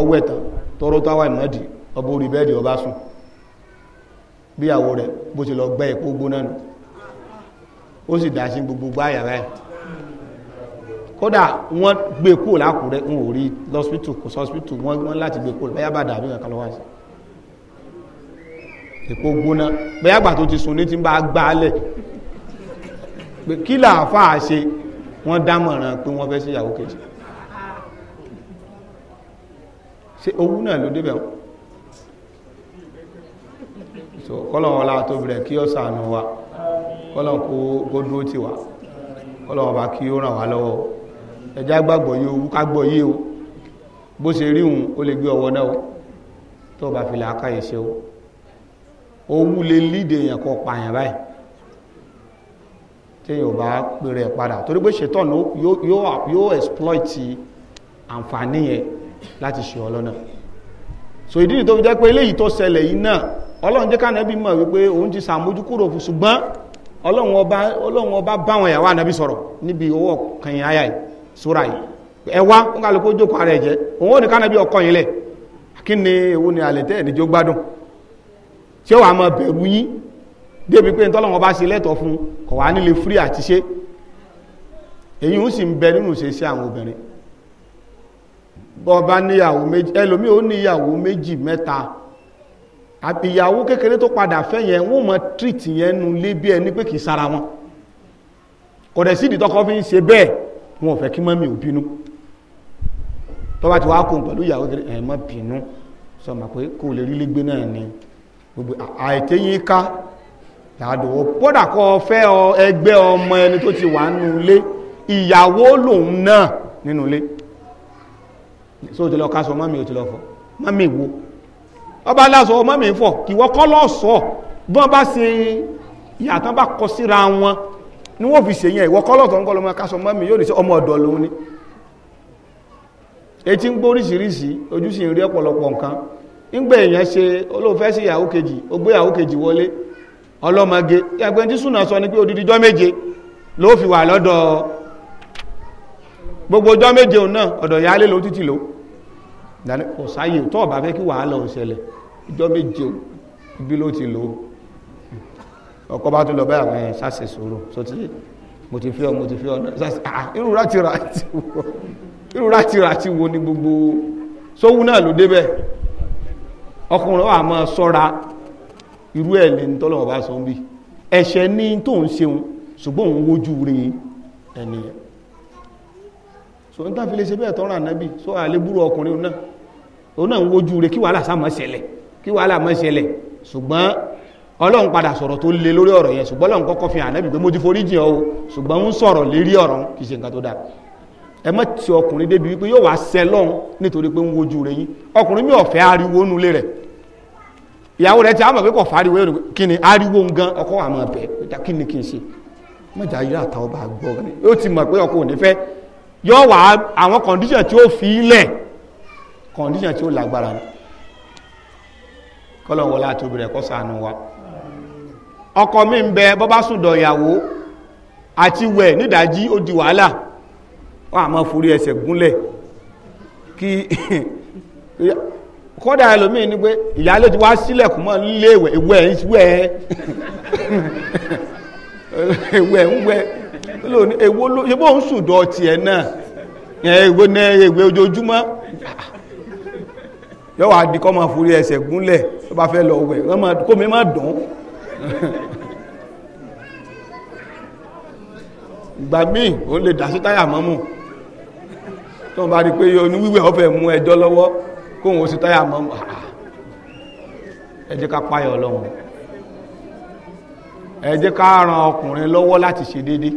S1: ìmọ̀dì orí bẹ́ẹ̀dì ọba sùn rẹ̀ bó ti lọ gbẹ́ ó gbogbo kódà wọ́n gbé kúrò lákùrẹ́ ń ò rí lọ́sítù kò sọ́sítù wọ́n wọ́n láti gbé kúrò bẹ́yà bàdà àbí nǹkan lọ́wọ́ sí èpo gbóná bẹ́yà gbà tó ti sùn ní ti bá gbálẹ̀ pé kí làáfàá ṣe wọ́n dámọ̀ràn pé wọ́n fẹ́ sí ìyàwó kejì ṣe owó náà ló débẹ̀ wọ́n so tó bẹ̀rẹ̀ kí ọ ṣàánú wa kọ́lọ̀ kó dúró ti wa kọ́lọ̀wọ́ bá kí ó ràn wá lọ́wọ́ ẹjá gbàgbọ́ yìí owó kágbọ́ yìí o bó ṣe rí òun ó lè gbé ọwọ́ náà o tó bá fi làákà yìí ṣe o owó lè lídè èèyàn kọ pààyàn báyìí téèyàn bá pèrè ẹ̀ padà torí pé ṣetán yóò exploit àǹfààní yẹn láti ṣe ọlọ́nà so ìdí ni tó fi jẹ́ pé eléyìí tó ṣẹlẹ̀ yìí náà ọlọ́run jẹ́ kánẹ́bí mọ̀ wípé òun ti sàmójúkúrò ṣùgbọ́n ọlọ́run ọba báwọn ìyàwó ànábì sọ̀rọ̀ níbi owó kẹyìn súra yìí ẹ wá ó kà lóko jókòó ara ẹ̀ jẹ́ òun ò ní kánà bí ọkọ kí ni ewu ni alẹ́ tẹ́ ẹ̀díjó gbádùn ṣé wàá máa bẹ̀rù yín débi pé ntọ́lọ́wọ́n bá ṣe lẹ́tọ̀ọ́ fún kọ̀ wá nílé fírí àti ṣe èyí ń sì ń bẹ nínú ṣe sí àwọn obìnrin bọ́ bá níyàwó méjì ẹlòmí ó níyàwó méjì mẹ́ta àbíyàwó kékeré tó padà fẹ́ yẹn wọ́n mọ tírìtì yẹn nu lé bí ẹni pé kì í sára wọn kọ̀dẹ̀ sídìí tọkọ fi ń ṣe bẹ́ẹ̀ wọn ò fẹ́ kí mọ́mí ò bínú tó bá ti wá kó pẹ̀lú ìyàwó kiri ẹ̀ má bínú sọ ma pé kó lè rí lẹ́gbẹ́ náà ni gbogbo àìtẹ́ yín ká yàdùwọ́ kódà kọ́ fẹ́ ẹgbẹ́ ọmọ ẹni tó ti wà nínú ilé ìyàwó lòun náà nínú ilé so ti lọ ká sọ mọ́mí ò ti lọ fọ mọ́mí wo ọba lásọ mọ́mí fọ kìwọ́ kọ́ lọ́sọ̀ọ́ bí wọ́n bá ṣe ìyàtọ̀ bá kọ síra wọn ní wọ́n fi ṣèyàn ìwọ kọ́lọ̀ tó ń kọ́ lọ máa kásọ mọ́mí yóò ní sí ọmọ ọ̀dọ̀ lòun ni etí ń gbóríṣiríṣi ojú sì ń rí ọ̀pọ̀lọpọ̀ nǹkan nígbà èèyàn ṣe olóòfẹ́ ìyàwó ni pé odidi jọ́ méje ló fi wà lọ́dọ̀ gbogbo jọ́ méje òun náà ọ̀dọ̀ ìyálé ló títì ló kò sáyè ọkọ bá tún lọ bá àwọn ẹ̀yìn sáṣẹ sòrò sọtí mo ti fi ọ mo ti fi ọ sáṣẹ ah, ah irú láti rà àti wọ irú láti rà àti wọ ní gbogbo sówú náà ló débẹ̀ ọkùnrin wa máa ṣọ́ra irú ẹ̀ lè ń tọ́lọ̀ ọba sọ bí ẹ̀ṣẹ̀ ní tó ń ṣeun ṣùgbọ́n òun wojú re ẹnìyàn so n fi lè ṣe bẹ́ẹ̀ tọ́rọ ànábì so àlébúrú ọkùnrin náà òun náà ń wojú re kí wàhálà sá má ṣẹlẹ̀ kí wàhálà má ṣẹlẹ̀ ṣùgbọ́n ọlọ́run padà sọ̀rọ̀ tó le lórí ọ̀rọ̀ yẹn ṣùgbọ́n ọlọ́run kọ́kọ́ fi hàn ànábì pé mo ti forí jìn ọ́ ṣùgbọ́n ń sọ̀rọ̀ lérí ọ̀rọ̀ kì í ṣe nǹkan tó dáa ẹ má ti ọkùnrin débi wípé yóò wá sẹ lọ́run nítorí pé ń wojú rẹ yín ọkùnrin mi ò fẹ́ ariwo nulẹ̀ rẹ̀ ìyàwó rẹ̀ ti àmọ̀ pé kò fariwo rẹ̀ kí ni ariwo gan ọkọ àmọ̀ bẹ̀ pẹ̀ta kí ni kí n ṣe mọ̀jà yìí àtà ọba àgbọ̀ rẹ̀ yóò ti mọ̀ pé ọkọ ò ní fẹ́ yọ wá àwọn condition tí ó fi lẹ̀ condition tí ó lágbára ni kọ́lọ̀ wọlé àtòbí rẹ̀ kọ́ sànù wa ọkọ mi ń bẹ bọ́ bá sùn dọ̀yàwó àti wẹ̀ nídàájí ó di wàhálà wọ́n àmọ́ forí ẹsẹ̀ gúnlẹ̀ kí kọ́dà ẹlòmíì ní pé ìyálé ti wá sílẹ̀kùn mọ́ nílé ìwẹ̀ ìwẹ̀ ìwẹ̀ ìwẹ̀ ìwẹ̀ lónìí èwo ló ṣe bó ń sùn dọ̀ tiẹ̀ náà ìwé ní ìwé ojoojúmọ́ yọ́wọ́ àdìkọ́ máa forí ẹsẹ̀ gúnlẹ̀ tó bá fẹ́ lọ wẹ̀ kó mi má dùn ìgbà míì ó lè dà sí táyà mọ́mù tó ń bá rí pé yóò ní wíwẹ̀ ọ̀fẹ́ mú ẹjọ́ lọ́wọ́ kóhun ó sí táyà mọ́mù ẹ jẹ́ ká páyọ̀ ọlọ́run ẹ jẹ́ ká ran ọkùnrin lọ́wọ́ láti ṣe dédé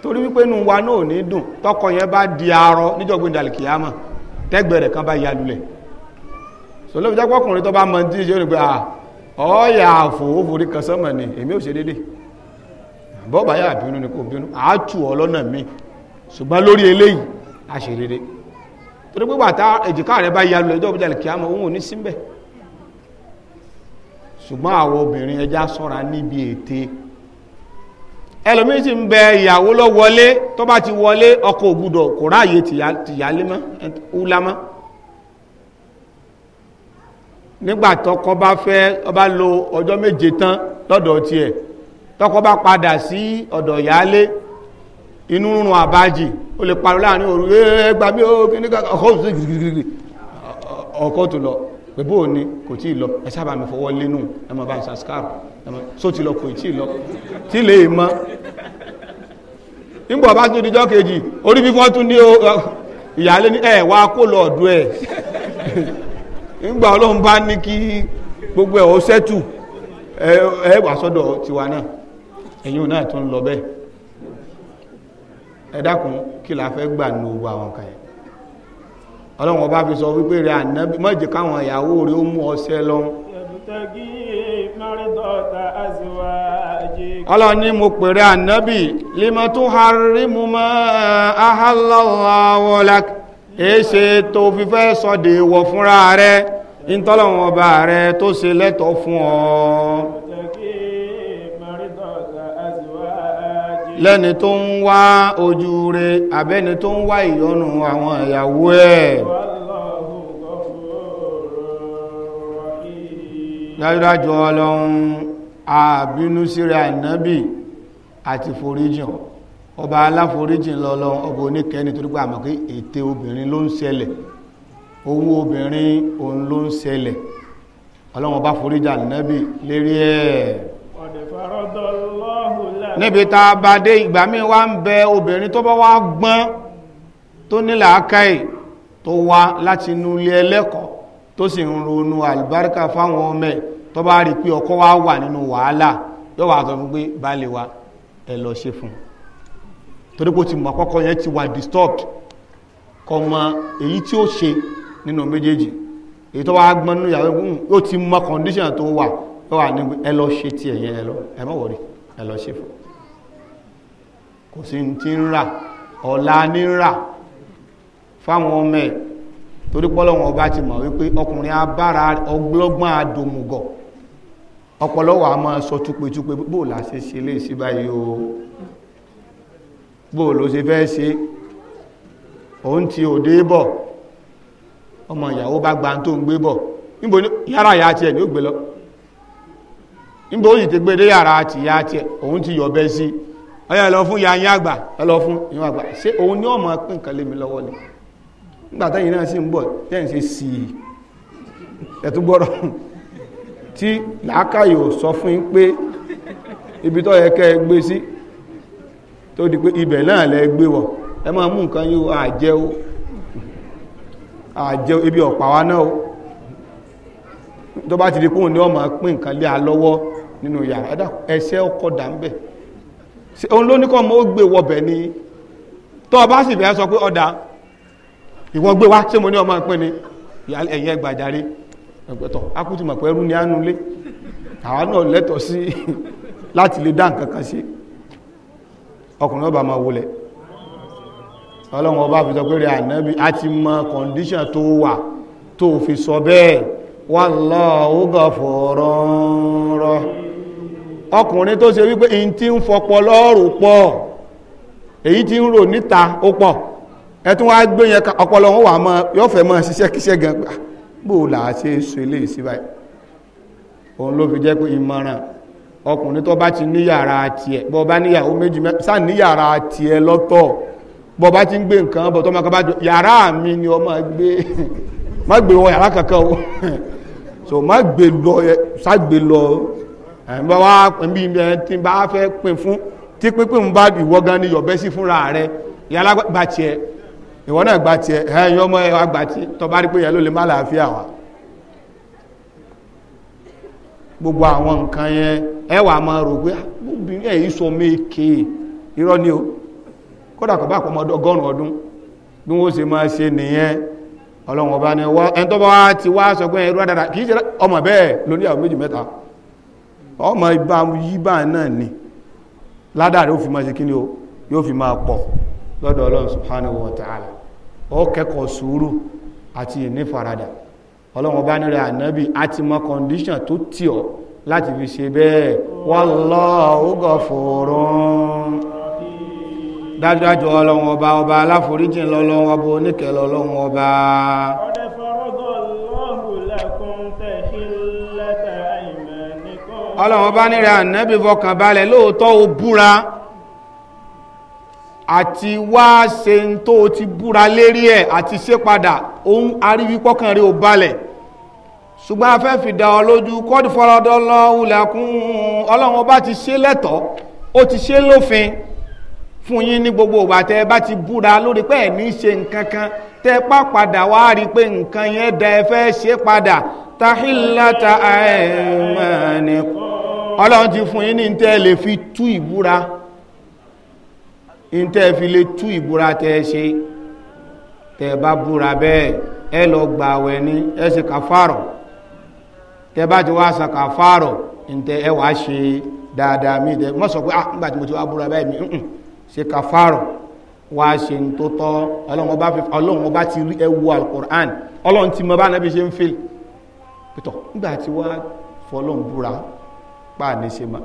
S1: torí wípé nu wa náà ní dùn tọkọ yẹn bá di arọ níjọgbìn dàlìkìyàmọ tẹgbẹrẹ kan bá yalulẹ sọlọ́bìjápọ̀ ọkùnrin tó bá mọ ní tíṣe ó ní pé ah ọ̀ọ́yà àfòóforí kan sánmà ni èmi ò ṣe dédé bọ́ọ̀bá yà bínú ni kò bínú àátù mi ṣùgbọ́n lórí eléyìí a ṣe dédé torí pé bàtà èjìká rẹ bá ya ẹjọ́ ìbújá kí a mọ òun ò ní síbẹ̀ ṣùgbọ́n àwọn obìnrin ẹja sọ́ra níbi ète sì ń bẹ ìyàwó lọ wọlé ti wọlé ògùdọ̀ nígbà tọkọ bá fẹ́ ọba lo ọjọ́ méje tán lọ́dọ̀ tiẹ̀ tọkọ bá padà sí ọ̀dọ̀ ìyáálé inú rúnrún àbájì ó lè parọ́ láàrin òru ẹ gbà mí ó kí ní ọkọ̀ òsì gírígírí ọkọ̀ tó lọ pẹ̀bú òní kò tí ì lọ ẹ sábà mi fọwọ́ lẹ́nu ẹ mọ̀ bá ń sàskáàrù só ti lọ kò tí ì lọ tí lè mọ́ nígbà bá tún dijọ́ kejì orí fífọ́ tún ní ìyáálé ní ẹ̀ wá kó lọ ọ̀dọ̀ ẹ̀ ngba ọlọ́run bá gbogbo ẹ̀ ó sẹ́tù ẹ wà tiwa náà ẹ̀yìn náà tún lọ bẹ ẹ dákun kí la fẹ gbà ní owó àwọn kan yẹn ọlọ́run ọba fi sọ wípé rẹ ànábì má káwọn ìyàwó rẹ ó mú ọṣẹ lọ ní mo pèrè tún harí mu èéṣe tó fi fẹ́ sọ̀dẹ̀ wọ̀ fúnra rẹ̀ ìtọ́lọ̀wọ̀n ọba rẹ̀ tó ṣe lẹ́tọ̀ fún ọ lẹ́ni tó ń wá ojú rẹ̀ àbẹ́ni tó ń wá ìyọ́nú àwọn ìyàwó ẹ̀ dájúdájú ọlọ́run àbínú síra ànábì àti foríjìn ọba aláforíjìn lọ́lọ́run ọba oníkẹ́ nítorí pé àmọ́ pé ète obìnrin ló ń ṣẹlẹ̀ owó obìnrin òun ló ń ṣẹlẹ̀ ọlọ́run ọba foríjà nábì lérí ẹ̀ níbi tá a bá dé ìgbà míì wá ń bẹ obìnrin tó bá wá gbọ́n tó ní làákàyè tó wá láti inú ilé ẹlẹ́kọ̀ọ́ tó sì ń ronú àlùbáríkà fáwọn ọmọ ẹ̀ tó bá rí pé ọkọ wa wà nínú wàhálà yóò wà sọ fún pé baálé wa ẹ lọ ṣe fún un torí pé ó ti mọ̀ àkọ́kọ́ yẹn ti wà disturbed kò mọ̀ èyí tí ó ṣe nínú méjèèjì èyí tó wá gbọ́n nínú ìyàwó ó ti mọ̀ condition tó wà ó wà ní ẹ lọ ṣe ti ẹ̀yẹn ẹ lọ ẹ má wọ̀rí ẹ lọ ṣe fún kò sí ti ń rà ọ̀la ní rà fáwọn ọmọ ẹ̀ torí pọ́lọ́ wọn ọba ti mọ̀ wípé ọkùnrin abára ọgbọ́gbọ́n adòmùgọ̀ ọpọlọ wa máa sọ túpetúpe bó la ṣe ṣe léèṣí báyìí o bó ló fẹ́ si òun ti òde bọ̀ ọmọ ìyàwó bá gba tó ń gbé bọ̀ níbo yàrá ni ó gbé lọ níbo ó sì ti gbé dé yàrá ti ìyá òun ti yọ̀ bẹ́ sí ya lọ fún yanyin àgbà gba lọ fún àgbà òun ni ọmọ pín mi lọ́wọ́ ni nígbà tẹ́yìn náà sì ń bọ̀ tẹ́yìn ṣe sí i tí làákàyò sọ fún yín pé ibi tó yẹ kẹ́ tó di pé ibẹ̀ náà lẹ gbé wọ̀ ẹ máa mú nǹkan yóò àjẹ́ ó àjẹ́ ọ̀pá wa náà ó tó bá ti di pé òun ni ọmọ pín nǹkan lé alọ́wọ́ nínú yàrá ẹsẹ́ ọkọ̀ dà ń bẹ̀ òun ló ní kọ́ mọ́ ó ni tó sì sọ pé ọ̀dà gbé mo ní ọmọ pín ni ẹ̀yẹ ẹ̀pẹ̀tọ̀ àwọn náà sí láti lè dá nǹkan kan sí ọkùnrin ọba máa wọlẹ̀ ọlọ́run ọba fi sọ pé rẹ̀ ànábì a ti mọ kọ̀ndíṣàn tó wà tó fi sọ bẹ́ẹ̀ wallahu ghafurun rahim ọkùnrin tó ṣe wípé in ti ń fọpọ lọ́rù pọ̀ èyí ti ń rò níta ó pọ̀ ẹtún wá gbé yẹn ọpọlọ wọn wà mọ́ yóò fẹ́ mọ́ ṣiṣẹ́ kíṣẹ́ gan gbà bó làá ṣe é ṣe eléyìí sí òun ló fi jẹ́ pé ìmọ̀ràn ọkùnrin tó bá ti níyàrá tiẹ̀ bọ́ níyàwó méjì ti ń gbé nǹkan bọ̀ tó máa kọ́ jọ yàrá mi ni ọ máa gbé má wọ yàrá kankan o so má gbé lọ sá gbé lọ wá tí bá fẹ́ pín fún tí pínpín bá ìwọ gan ni yọ̀bẹ́ sí fúnra rẹ yàrá gbà tiẹ̀ ìwọ náà gbà tiẹ̀ ọmọ ẹ̀ gbogbo àwọn nǹkan yẹn ẹ máa rò pé ah, ẹ̀ yìí sọ méèké irọ́ ni o kódà kò bá kọ́ ọmọdé ọdún bí wọ́n ṣe máa ṣe nìyẹn ọlọ́run ọba ni wọ́n tó bá ti wá sọ pé kì í ṣe ọmọ bẹ́ẹ̀ lóníyàwó o yóò fi máa pọ̀ lọ́dọ̀ ọlọ́run subhanahu wa ta'ala ó kẹ́kọ̀ọ́ sùúrù àti ọlọ́run bá nílẹ̀ ànábì àti mọ kọ̀ǹdíṣàn tó tì ọ́ láti fi ṣe bẹ́ẹ̀ wallahu ghafurun dájúdájú ọlọ́run ọba ọba aláforíjìn lọ́lọ́run ọba oníkẹ́ lọ́lọ́run ọba.
S2: ọ̀dẹ fọ́rọ́gọ́ lọ́hùn lẹ́kùn tẹ̀sí lẹ́tà ìmọ̀ nìkan. ọlọ́run bá nílẹ̀ ànábì fọkàn balẹ̀ lóòótọ́
S1: ó búra àti wá ṣe ń tó ti búra lérí ẹ̀ àti ṣe padà òun aríwípọ́kàn rí ò balẹ̀ ṣùgbọ́n a fẹ́ fi dá ọ lójú kọ́dù fọlọ́dọ́lọ́hùn lẹ́kún ọlọ́run ọba ti ṣe lẹ́tọ̀ọ́ ó ti ṣe lófin fún yín ní gbogbo ìgbà tẹ́ ẹ bá ti búra lórí pé ẹ̀ ní ṣe nǹkan kan tẹ́ pá padà wá rí pé nǹkan yẹn da ẹ fẹ́ ṣe padà tahilata ẹ̀ẹ́mẹ́ni ọlọ́run ti fún yín ní tẹ́ lè fi tú ìbúra in tẹ́ fi lè tú ìbúra tẹ́ ṣe tẹ́ bá búra bẹ́ẹ̀ ẹ lọ gba àwẹ̀ ní ẹ ṣe kàfàrọ̀ tẹ́ bá ti wá san kàfàrọ̀ in ẹ wàá ṣe dáadáa mi tẹ́ mọ́ sọ pé ah nígbà tí mo ti wá búra bẹ́ẹ̀ mi ṣe kàfàrọ̀ wá ṣe ń tó tọ́ ọlọ́run ọba fífi ọlọ́run ọba ti rí ẹwu alukur'an ọlọ́run ti mọ bá nàbí ṣe ń fèlè pẹ̀tọ̀ nígbà tí wá fọlọ́run búra pàà ní ṣe máa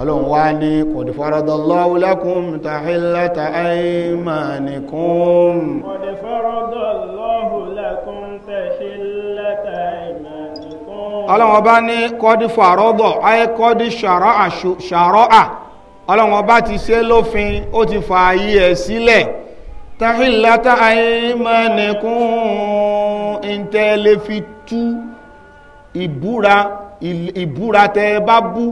S1: ọlọ́run wá ní qad faradallahu lakum tahillata aymanikum
S2: qad faradallahu lakum tahillata aymanikum ọlọ́run ọba ní
S1: qad farada ay qad shara'a shara'a ọlọ́run ọba ti ṣe lófin ó ti fààyè ẹ̀ sílẹ̀ tahillata aymanikum ìbúra ìbúra bá bú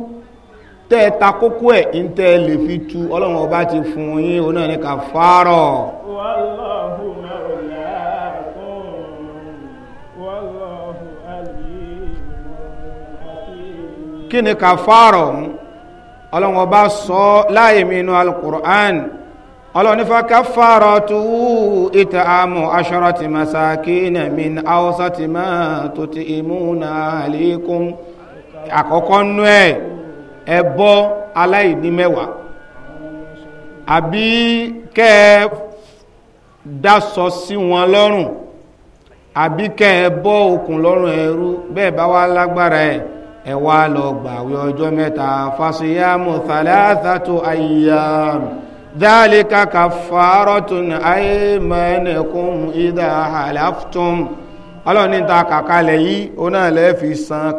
S1: tẹ́ ẹ ta kókó ẹ̀ ń tẹ́ ẹ lè fi tu ọlọ́run ọba ti fún yín òun náà ní fárọ̀. kí ni ká fárọ̀ ọ̀hún ọlọ́run ọba sọ láàyè mi inú alukur'an ọlọ́run nífa ká fárọ̀ tu ìtà àmú asharati masakina min awsati ma tuti imuna alaykum àkọ́kọ́ nú ẹ̀. ẹbọ aláìní mẹ́wàá àbí kẹ ẹ dasọ sí wọn lọrùn àbí kẹ ẹ bọ okùn lọrùn ẹrú bẹ́ẹ̀ bá lágbára ẹ wá lọ gbààwẹ̀ ọjọ́ mẹ́ta fasiyamu thalathatu ayyam dhalika kaffaratun aymanikum idha halaftum ọlọ́ọ̀ni ta kàkálẹ̀ yìí ó náà san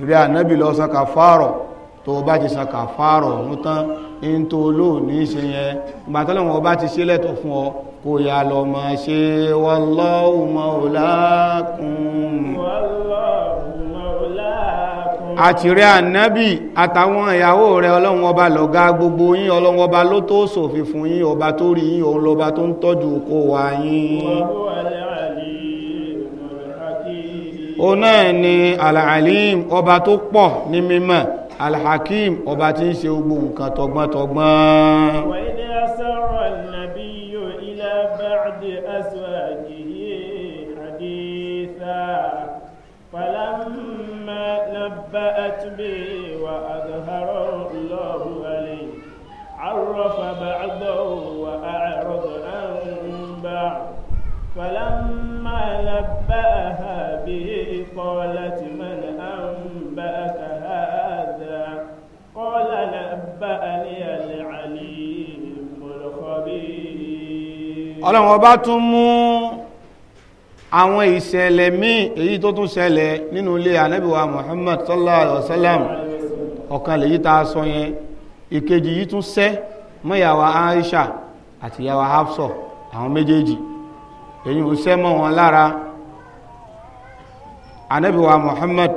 S1: ìrẹ́ ànábì lọ san kàfàrọ̀ tó bá ti san kàfàrọ̀ ọ̀hún tán in tó lò ní ṣe yẹn gbàtọ́lọ́wọ́n bá ti ṣe lẹ́tọ̀ fún ọ kò yà lọ mọ̀ ṣe wallahu
S2: maulakum
S1: àtìrẹ́ ànábì àtàwọn ìyàwó rẹ̀ ọlọ́run ọba lọ̀gá gbogbo yín ọlọ́run ọba ló tó ṣòfin fún yín ọba òun náà ni alàlím ọba tó pọ̀ ní mímọ̀ alhakim ọba tí ń ṣe gbogbo nǹkan tọgbọ́ntọgbọ́n. wa
S2: idh asarra an-nabiyyu ila ba'di azwajihi haditha falamma nabba'at bihi wa adharahu Allahu alayhi 'arrafa فلما نبأها به قالت من أنبأك هذا قال نبأني العليم
S1: الخبير ọlọ́run ọba tún mú àwọn ìṣẹ̀lẹ̀ míì èyí tó tún ṣẹlẹ̀ nínú ilé anábìwá Muhammad sallallahu alaihi wasallam ọ̀kan lèyí tá a sọ yẹn ìkejì yìí tún ṣẹ́ mọ́ Aisha àti ìyàwó Hafsa àwọn méjèèjì èyí ò sẹ́mọ̀ wọn lára anabiwa muhammad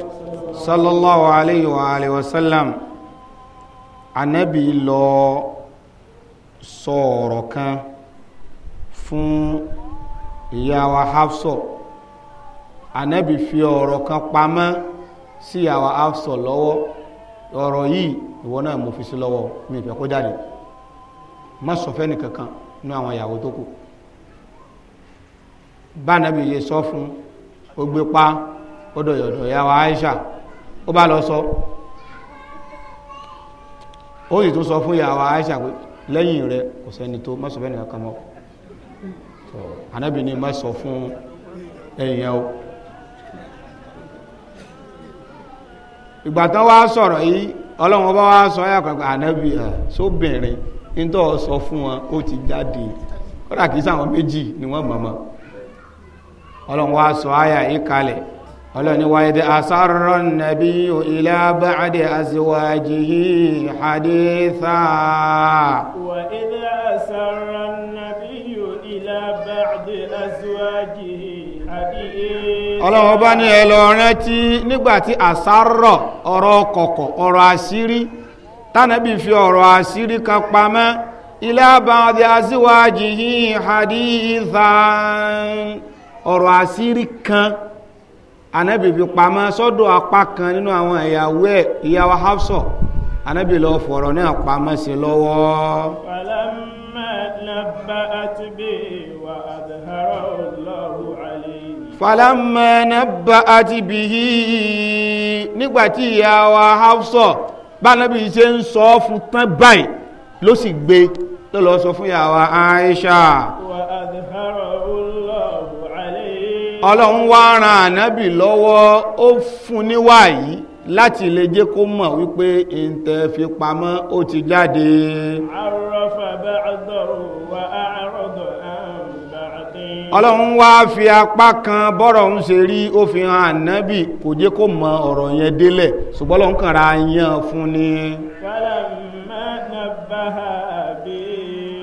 S1: sallallahu alayhi wa alayhi wa sallam anabi lọ sọ̀rọ̀ kan fún ìyá wa hafsọ anabi fi ọ̀rọ̀ kan pamọ́ sí ìyá wa hafsọ lọ́wọ́ ọ̀rọ̀ yìí ìwọ náà mo fi sí lọ́wọ́ mi ìfẹ́ kó jáde má sọ fẹ́ni kankan nínú àwọn ìyàwó tó kù bánabi yìí sọ fún ó gbé pa ó dọ̀yọ̀dọ̀ ya wa Aisha ó bá lọ sọ ó sì tún sọ fún ìyá wa Aisha pé lẹ́yìn rẹ kò sẹ́ni tó má sọ fẹ́ nìkan kan mọ́ ànábì ni má sọ fún ẹ̀yìn o ìgbà tán wá sọ̀rọ̀ yìí ọlọ́run ọba wá sọ ẹ́ àkọ́kọ́ ànábì ẹ̀ sóbìnrin nítorí sọ fún wọn ó ti jáde kódà kìí sáwọn méjì ni wọ́n mọ̀mọ́ ọlọ́run wá sọ àyà yìí kalẹ̀ ọlọ́run ni wáyé asárọ̀ nàbí ila ba'di azwajihi haditha.
S2: wà ilé asárọ̀ nàbí ila ba'di azwajihi haditha. ọlọ́run ọba ní ẹ lọ
S1: rántí nígbà tí asárọ̀ ọ̀rọ̀ kọ̀kọ̀ ọ̀rọ̀ àṣírí tánàbí fi ọ̀rọ̀ àṣírí kan pamọ́ ila ba'di azwajihi haditha ọ̀rọ̀ àṣírí kan anabi fi pamọ́ sọ́dọ̀ apá kan nínú àwọn ìyàwó ẹ̀ ìyàwó hafsọ anabi lọ fọ̀rọ̀ náà pamọ́ sí lọ́wọ́.
S2: falamma nabba'at bi wa adhara Allahu
S1: alayhi. falamma nabba'at bihi nígbà tí ìyàwó hafsọ bánabi ṣe ń sọ fún tán báyìí ló sì gbé ló lọ sọ fún ìyàwó Aisha. wa adhara Allahu ọlọ́run wá ran ànábì lọ́wọ́ ó fún níwáyí láti lè jẹ́ kó mọ̀ wípé ìntẹ̀ fi pamọ́ ó ti jáde ọlọ́run wá fi apá kan bọ́rọ̀ ń ṣe rí ó fi hàn ànábì kò jẹ́ kó mọ ọ̀rọ̀ yẹn délẹ̀ ṣùgbọ́n lọ́nkànra yàn fún ni.
S2: kálá máa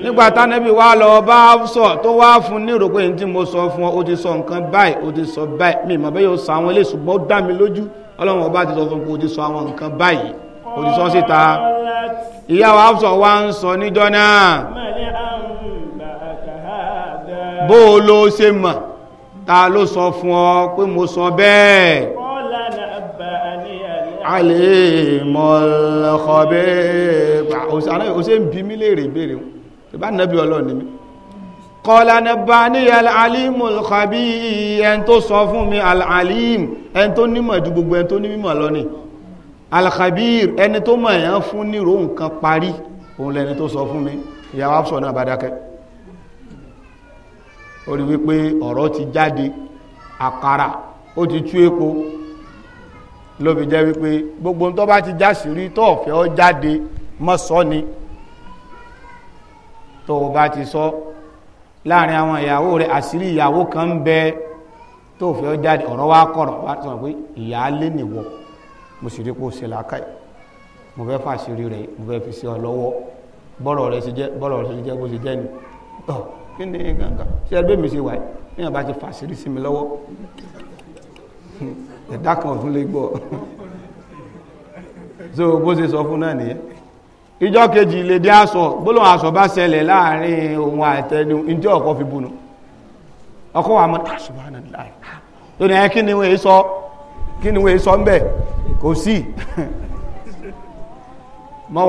S2: nígbà tánẹ́bí wá
S1: lọ bá sọ tó wá fún ní ìrò pé ní tí mo sọ fún ọ ó ti sọ nǹkan báyìí ó ti sọ báyìí mi ìmọ̀ bẹ́ẹ̀ yóò sọ àwọn eléyìí ṣùgbọ́n ó dá mi lójú ọlọ́run ọba ti sọ fún pé ó ti sọ àwọn nǹkan báyìí
S2: ó ti sọ síta ìyá wa sọ wá
S1: ń sọ níjọ́ náà bó o ló ṣe mọ̀ ta ló sọ fún ọ pé mo sọ bẹ́ẹ̀ alimọlọkọbẹ ọsẹ ń bí mi léèrè béèrè wọn ṣùgbọ́n ànábì ọlọ́run ni mí kọ́lá nàbà ní alàlímù kàbí ẹn tó sọ fún mi alàlímù ẹn tó nímọ̀ ju gbogbo ẹn tó ní mímọ̀ lọ ni alàkàbír ẹni tó mọ̀ èèyàn fún ní ro nǹkan parí òun lẹni tó sọ fún mi ìyàwó àfṣọ náà bá ó rí wípé ọ̀rọ̀ ti jáde àkàrà ó ti tú epo ló jẹ́ wípé gbogbo tó bá ti já sí rí tó ọ̀fẹ́ ọ jáde mọ́ sọ ni tó o bá ti sọ láàrin àwọn ìyàwó rẹ̀ àṣírí ìyàwó kan ń bẹ tó o fẹ́ jáde ọ̀rọ̀ wa kọ̀rọ̀ wá sọ pé ìyáálé nìwọ mo sì rí kó o ṣe làákàyè mo fẹ́ fàṣírí rẹ̀ mo fẹ́ fi ṣe ọ lọ́wọ́ bọ́rọ̀ rẹ̀ ṣe jẹ́ bọ́rọ̀ rẹ̀ ṣe jẹ́ bó ṣe jẹ́ ni tọ́ kí ni gàǹgà ṣé ẹgbẹ́ mi ṣe wà yìí níyàn ti fàṣírí sí mi lọ́wọ́ ẹ̀dá kan ò tún lè gbọ́ so bó ṣe sọ fún náà nìyẹn ìjọ kejì lè dé aṣọ gbólóhùn aṣọ bá sẹlẹ̀ láàrin ohun àtẹnu ọkọ̀ fi bùnú ọkọ̀ wà mọ́ ah, subhanallah tó ní ẹ kí ni wọ́n sọ ń bẹ̀ kò sí mọ́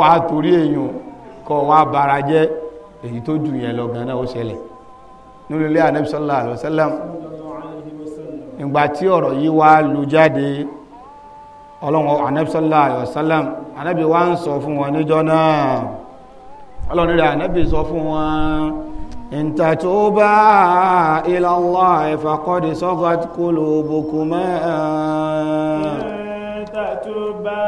S1: wà bara jẹ́ èyí tó jù yẹn lọ gan náà ó ṣẹlẹ̀ ọlọ́run anabi sallallahu alayhi wa sallam anabi wa ń sọ fún wọn níjọ́ náà ọlọ́run rẹ̀ anabi sọ fún wọn in tatuba ila Allahi faqad sagat qulubukuma.
S2: in tatuba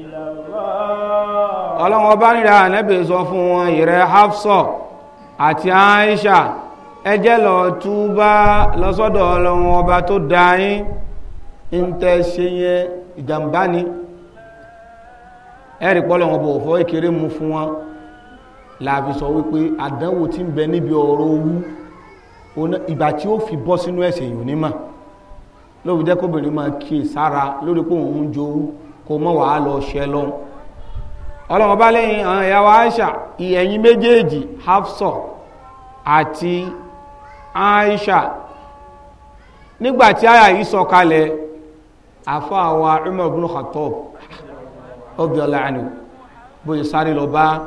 S2: ila Allahi. ọlọ́run ọba rẹ̀
S1: anabi sọ fún wọn ìrẹ́ Hafsa àti Aisha ẹ jẹ́ túbá lọ́sọ́dọ̀ ọlọ́run ọba tó dá ń tẹ́ ṣe yẹn ìjàmbá ni ẹ̀rì pọ́lọ̀ wọn bọ̀ fọ́ ìkéré mu fún wọn láàfi sọ wípé àdánwò tí ń bẹ níbi ọ̀rọ̀ owú ìgbà tí ó fi bọ́ sínú ẹ̀sẹ̀ yìí onímà lóbi jẹ́ kóbìnrin máa kí sára lórí pé òun ń kó mọ́ wàá lọ ṣẹ lọ ọlọ́wọ́n bá lẹ́yìn àwọn ìyá wa Aisha ìyẹ̀yìn méjèèjì Hafsa àti Aisha nígbà tí àyà yìí sọ kalẹ̀ àfọ àwa Umar ibn Khattab radiyallahu anhu bóyá sáré lọ bá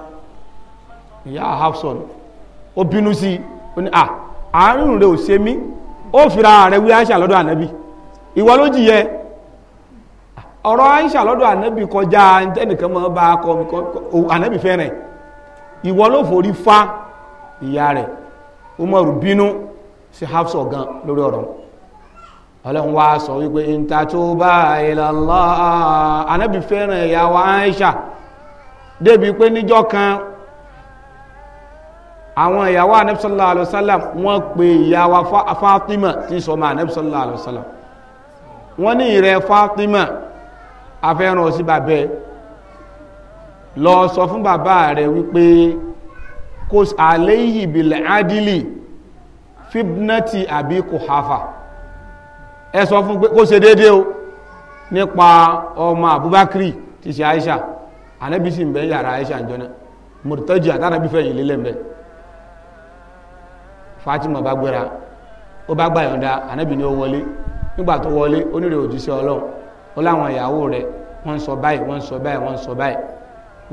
S1: ìyá Hafsan ó bínú sí ó ní à àárín rẹ ò ṣe mí ó fira rẹ wí Aisha lọ́dọ̀ ànábì ìwọ ló jìyẹ ọ̀rọ̀ Aisha lọ́dọ̀ ànábì kọjá ẹnìkan mọ́ bá kọ ànábì fẹ́rẹ̀ ìwọ ló forí fa ìyá rẹ̀ Umar bínú sí Hafsan gan lórí ọ̀rọ̀ wọn ọlọ́run wá sọ wípé ìntàtúbà ìlàlá anábì fẹ́ràn ìyàwó Aisha débi pé níjọ́ kan àwọn ìyàwó anábì sallallahu alaihi wasallam wọ́n pe ìyàwó Fatima tí sọmọ anábì sallallahu alaihi wasallam wọ́n ní ìrẹ́ Fatima afẹ́ràn òsì bàbẹ́ lọ sọ fún bàbá rẹ̀ wípé kò àléyìí bìlẹ̀ adìlì fíbnátì àbí kò hafa ẹ sọ fún pé kó ṣe déédéé o nípa ọmọ Abubakar ti ṣe Aisha anabi sì ń bẹ yàrá Aisha njọ náà mọ̀tọ́jì àtànàbí fẹ̀yìn lélẹ̀ mbẹ Fatima bá gbéra ó bá gbà yọ̀ǹda anabi ni ó wọlé nígbà tó wọlé onírè òjíṣẹ́ Ọlọ́run ó láwọn ìyàwó rẹ̀ wọ́n sọ báyìí wọ́n sọ báyìí wọ́n sọ báyìí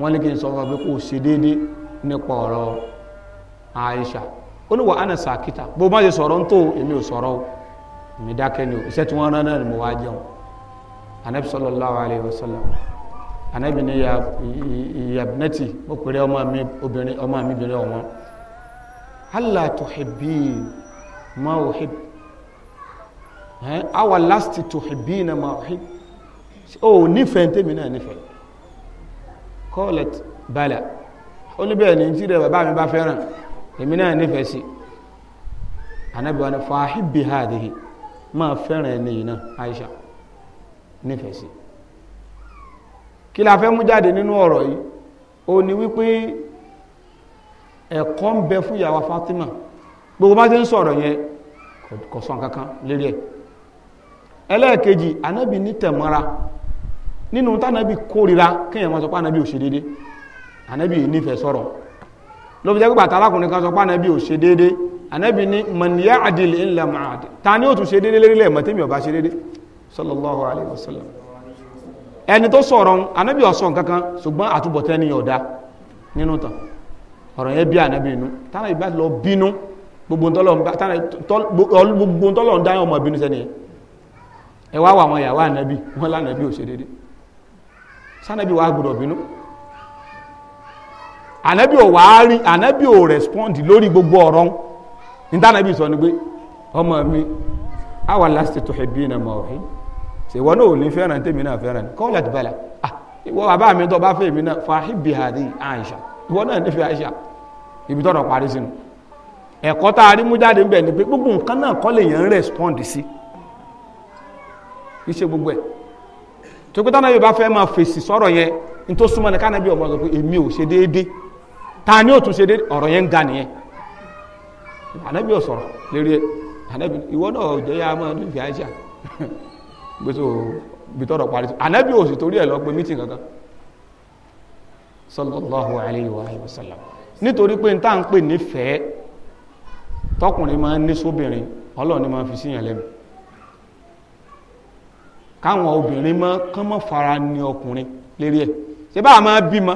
S1: wọ́n ní kí n sọ fún pé kó o déédéé nípa ọ̀rọ̀ Aisha ó ní wà á nà sàkítà bó má ṣe sọ̀rọ̀ ń tó èmi ò sọ̀rọ̀ o mi dákẹ́ ni o iṣẹ́ tí wọ́n rán náà ni mo wá jẹun anabi sallallahu alayhi wa sallam anabi ni yabnati mo pèrè ọmọ mi obìnrin ọmọ mi obìnrin ọ̀wọ́n allah tuhibbi ma uhib awa last tuhibbi na ma uhib o nífẹ̀ẹ́ tèmi náà nífẹ̀ẹ́ kọ́ọ̀lẹ̀t bala ó ní bẹ́ẹ̀ ni tí rẹ̀ bàbá mi bá fẹ́ràn èmi náà nífẹ̀ẹ́ sí anabi wa ni fàáhìbì hàdìhì máa fẹ́ràn ẹni yìí náà Aisha nífẹ̀ẹ́ sí kí la fẹ́ mú jáde nínú ọ̀rọ̀ yìí ó ní wípé ẹ̀kọ́ ń bẹ fún ìyàwó Fatima gbogbo bá ti ń sọ̀rọ̀ yẹn kò sọ kankan lérí ẹ̀ ẹlẹ́ẹ̀kejì anábì ní tẹ̀mọ́ra nínú tánábì kórira kéèyàn máa sọ pé anábì ò ṣe déédé anábì nífẹ̀ẹ́ sọ̀rọ̀ ló fi jẹ́ pé bàtà alákùnrin kan sọ pé anábì ò ṣe déédé anabi ni man ya'dil illa ma'adil ta ni ó tún ṣe dédé lérí lẹ́ẹ̀mọ́ tẹ́mi ọba ṣe dédé sallallahu alayhi wa sallam ẹni tó sọ̀rọ̀ anabi ọ̀sọ̀ kankan ṣùgbọ́n àtúbọ̀tẹ́ ni ọ̀dá nínú tán ọ̀rọ̀ yẹn bí anabi inú tánà ìbá lọ bínú gbogbo ntọ́lọ̀ ń dá ọmọ bínú sẹ́ni yẹn ẹ wá wà wọn ìyàwó anabi wọn lánàbí ò ṣe dédé sanabi wàá gbọdọ̀ bínú anabi ò wàá rí anabi ò rẹ̀spọ́ndì lórí gbogbo ọ̀rọ̀ nítànà bí sọ ni pé mi awa last to na ma ọ̀hìn ṣe wọn náà ò bala ah ìwọ bàbá mi tó bá fẹ́ hadi Aisha ìwọ náà nífẹ̀ẹ́ Aisha ibi tọ́nà parí sínú ẹ̀kọ́ tá a rí mú jáde níbẹ̀ ni pé gbogbo nǹkan náà kọ́ lè yàn gbogbo ẹ̀ tó bá fẹ́ máa fèsì sọ̀rọ̀ yẹn ní tó súnmọ́ ni ọmọ pé èmi ò ṣe déédéé ta ni ó tún ṣe déédéé ọ̀rọ̀ yẹn ń ga nìyẹn ànábì ò sọ̀rọ̀ lérí ẹ̀ ànábì ìwọ náà jẹ́ yá Asia. ní ìfẹ́ àìsíà gbèsò bìtọ́rọ̀ parí ànábì ò sì torí ẹ̀ lọ kankan sallallahu alaihi wa alayhi wa sallam nítorí pé n tá à ń pè nífẹ̀ẹ́ tọkùnrin máa ń ní sóbìnrin ọlọ́ọ̀ni máa fi síyàn lẹ́nu káwọn obìnrin máa kán mọ́ fara ní ọkùnrin lérí ẹ̀ ṣé bá a máa bímọ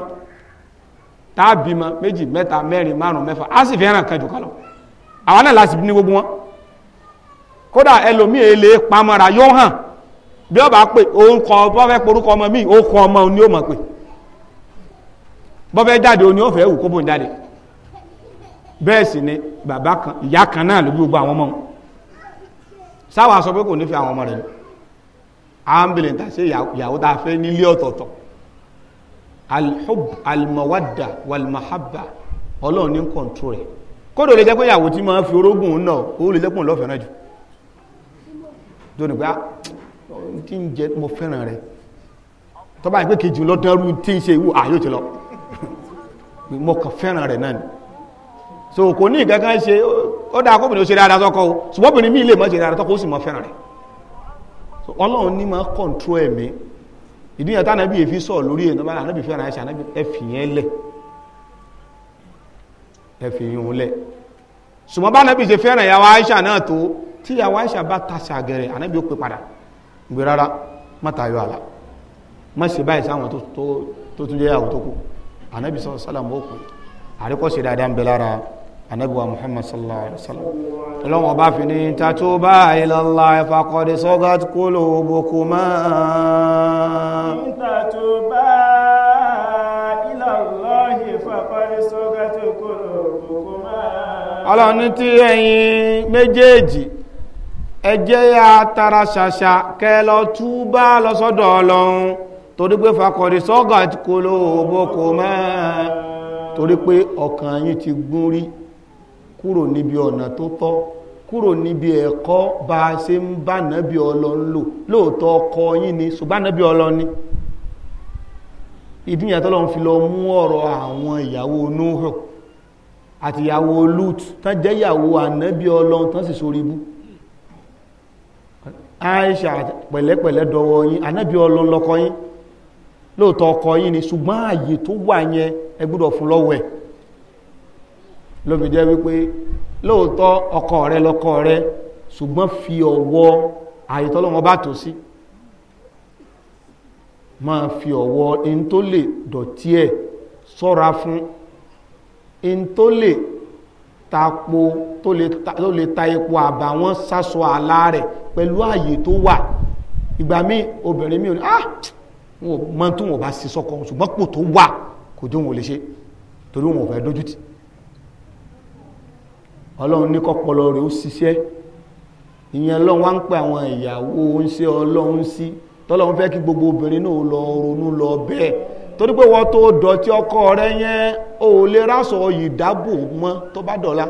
S1: tá a bímọ méjì mẹ́ta mẹ́rin márùn mẹ́fà á sì fẹ́ràn kan jù ká àwọn náà láti ní gbogbo wọn kódà ẹlòmíì èlé pamọ́ra yóò hàn bí ọba pé orúkọ bọ́fẹ́ porúkọ ọmọ mi ó kọ ọmọ ni ó mọ̀ pé bọ́fẹ́ jáde ó ní ó fẹ́ wù kó bóun jáde bẹ́ẹ̀ sì ni bàbá kan ìyá kan náà ló bí gbogbo àwọn ọmọ wọn sáwà sọ pé kò ní fi àwọn ọmọ rẹ̀ lọ ambulance àti ìyàwó tá a fẹ́ nílé ọ̀tọ̀ọ̀tọ̀ alhub almawadda walmahabba ọlọ́run ní kọ̀ǹtró rẹ̀ kódò lè jẹ́ pé ìyàwó tí ma ń fi orógùn náà ó lè lẹ́kùn lọ́fẹ̀ẹ́ náà jù tó ní ah, tí ń jẹ mo fẹ́ràn rẹ̀ tó bá ń pé kejì lọ́dọ́rú tí ń ṣe ìwò ah, àyò ti lọ mo kàn fẹ́ràn rẹ̀ náà ni so kò ní ìkankan ṣe ó dáa kóbìnrin ó ṣe dáadáa o ṣùgbọ́n lè mọ́ ṣe dáadáa sọ́kọ ó sì mọ́ fẹ́ràn rẹ̀ ọlọ́run ní ẹ̀mí èéfín sọ̀ lórí ẹ̀ ẹ̀fì yìí lẹ̀ ṣùgbọ́n bá anábì ṣe fẹ́ràn ìyàwó Aisha náà tó tí ìyàwó Aisha bá tasẹ̀ àgẹ̀rẹ̀ anábì ó pè padà gbé rárá má tayọ àlà má ṣe báyìí sáwọn tó tún jẹ́ ìyàwó tó kù anábì sọ sálàmù ó pè àríkọ́ṣe dáadáa ń bẹ lára anábì Muhammad sallallahu alaihi wa ọlọ́wọ́n bá fi ní ọlọ́ni tí ẹ̀yin méjèèjì ẹjẹ́ ya tara ṣàṣà kẹ lọ túbá lọ́sọ́dọ̀ ọlọ́run torí pé fakọ̀dé sọ́gà kò ló bókò mẹ́ẹ̀ torí pé ọkàn yìí ti gún rí kúrò níbi ọ̀nà tó tọ́ kúrò níbi ẹ̀kọ́ bá a ṣe ń bá nábì ọlọ́run lò lóòótọ́ ọkọ yín ni ṣùgbọ́n nábì ọlọ́run ni ìdúnyàtọ́lọ́run fi lọ mú ọ̀rọ̀ àwọn ìyàwó Núhù àtìyàwó Lut tán jẹ́ ìyàwó ànábí ọlọ́run tán sì sórí ibú Aisha pẹ̀lẹ́pẹ̀lẹ́ dọwọ́ yín ànábí ọlọ́run lọ́kọ yín lóòótọ́ ọkọ yín ni ṣùgbọ́n ààyè tó wà yẹn ẹ gbọ́dọ̀ fún lọ́wọ́ ẹ̀ lóbi jẹ́ wípé lóòótọ́ ọkọ rẹ lọ́kọ rẹ ṣùgbọ́n fi ọ̀wọ̀ ààyè tọ́lọ́wọ́ bá tó sí máa fi ọ̀wọ̀ ẹni tó lè dọ̀tí ẹ̀ sọ́ra fún in tó lè tapo tó lè ta epo àbàwọ́n sásọ àlá rẹ̀ pẹ̀lú ààyè tó wà ìgbà míì obìnrin mi ò ní ah wọn ò mọ tó wọn bá sí sọkọ ṣùgbọ́n pò tó wà kò dé wọn ò lè ṣe torí wọn ò fẹ́ dójútì ọlọ́run ní kọ́pọlọ rẹ̀ ó ṣiṣẹ́ ìyẹn ọlọ́run wá ń pè àwọn ìyàwó ń ṣe ọlọ́run sí tọ́lọ́run fẹ́ kí gbogbo obìnrin náà lọ ronú lọ bẹ́ẹ̀ torí pé wọ́n tó dọ̀tí ọkọ rẹ yẹn o lè rásọ ìdábò mọ́ tó bá dọ̀la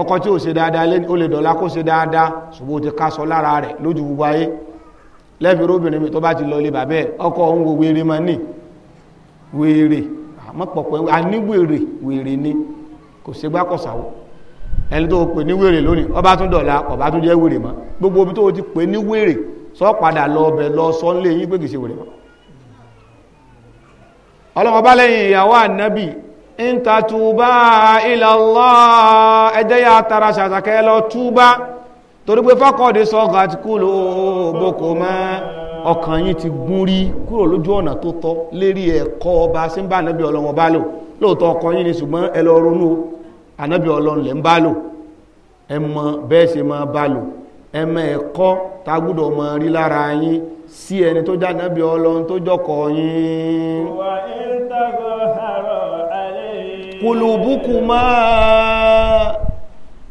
S1: ọkọ tí ó ṣe dáadáa ó lè dọ̀la kó ṣe dáadáa ṣùgbọ́n ó ti kásọ lára rẹ̀ lójú gbogbo ayé lẹ́bi róbìnrin mi tó bá ti lọ ilé bàbẹ́ ọkọ òun wo wèrè ma ní wèrè àmọ́pọ̀pọ̀ àníwèrè wèrè ni kò ṣe gbá kọ̀sàwó ẹni tó pè ní wèrè lónìí ọba tún dọ̀la ọba tún jẹ́ wèrè mọ́ gbogbo omi tó ti pè ní wèrè sọ padà lọ ọbẹ̀ lọ sọ ọlọ́wọ́ bá lẹ́yìn ìyàwó ànábì ń ta túbá ila Allah ẹjẹ́ yà tara ṣàṣàkẹ́ lọ túbá torí pé fọ́kọ̀dé sọ gàtíkùlù boko mọ́ ọkàn yìí ti gún rí kúrò lójú ọ̀nà tó tọ́ lérí ẹ̀kọ́ ọba sí ń bá ànábì ọlọ́wọ́ lò lóòótọ́ ọkàn yìí ni ṣùgbọ́n ẹ ànábì ọlọ́run lẹ́ ń bá lò ẹ mọ bẹ́ẹ̀ ṣe máa bá lò ẹmẹ ẹ̀kọ́ tá gbọ́dọ̀ mọ̀ rí lára yín sí ẹni tó jẹ́ ànábì Ọlọ́run tó jọkọ yín kùlùbùkù máa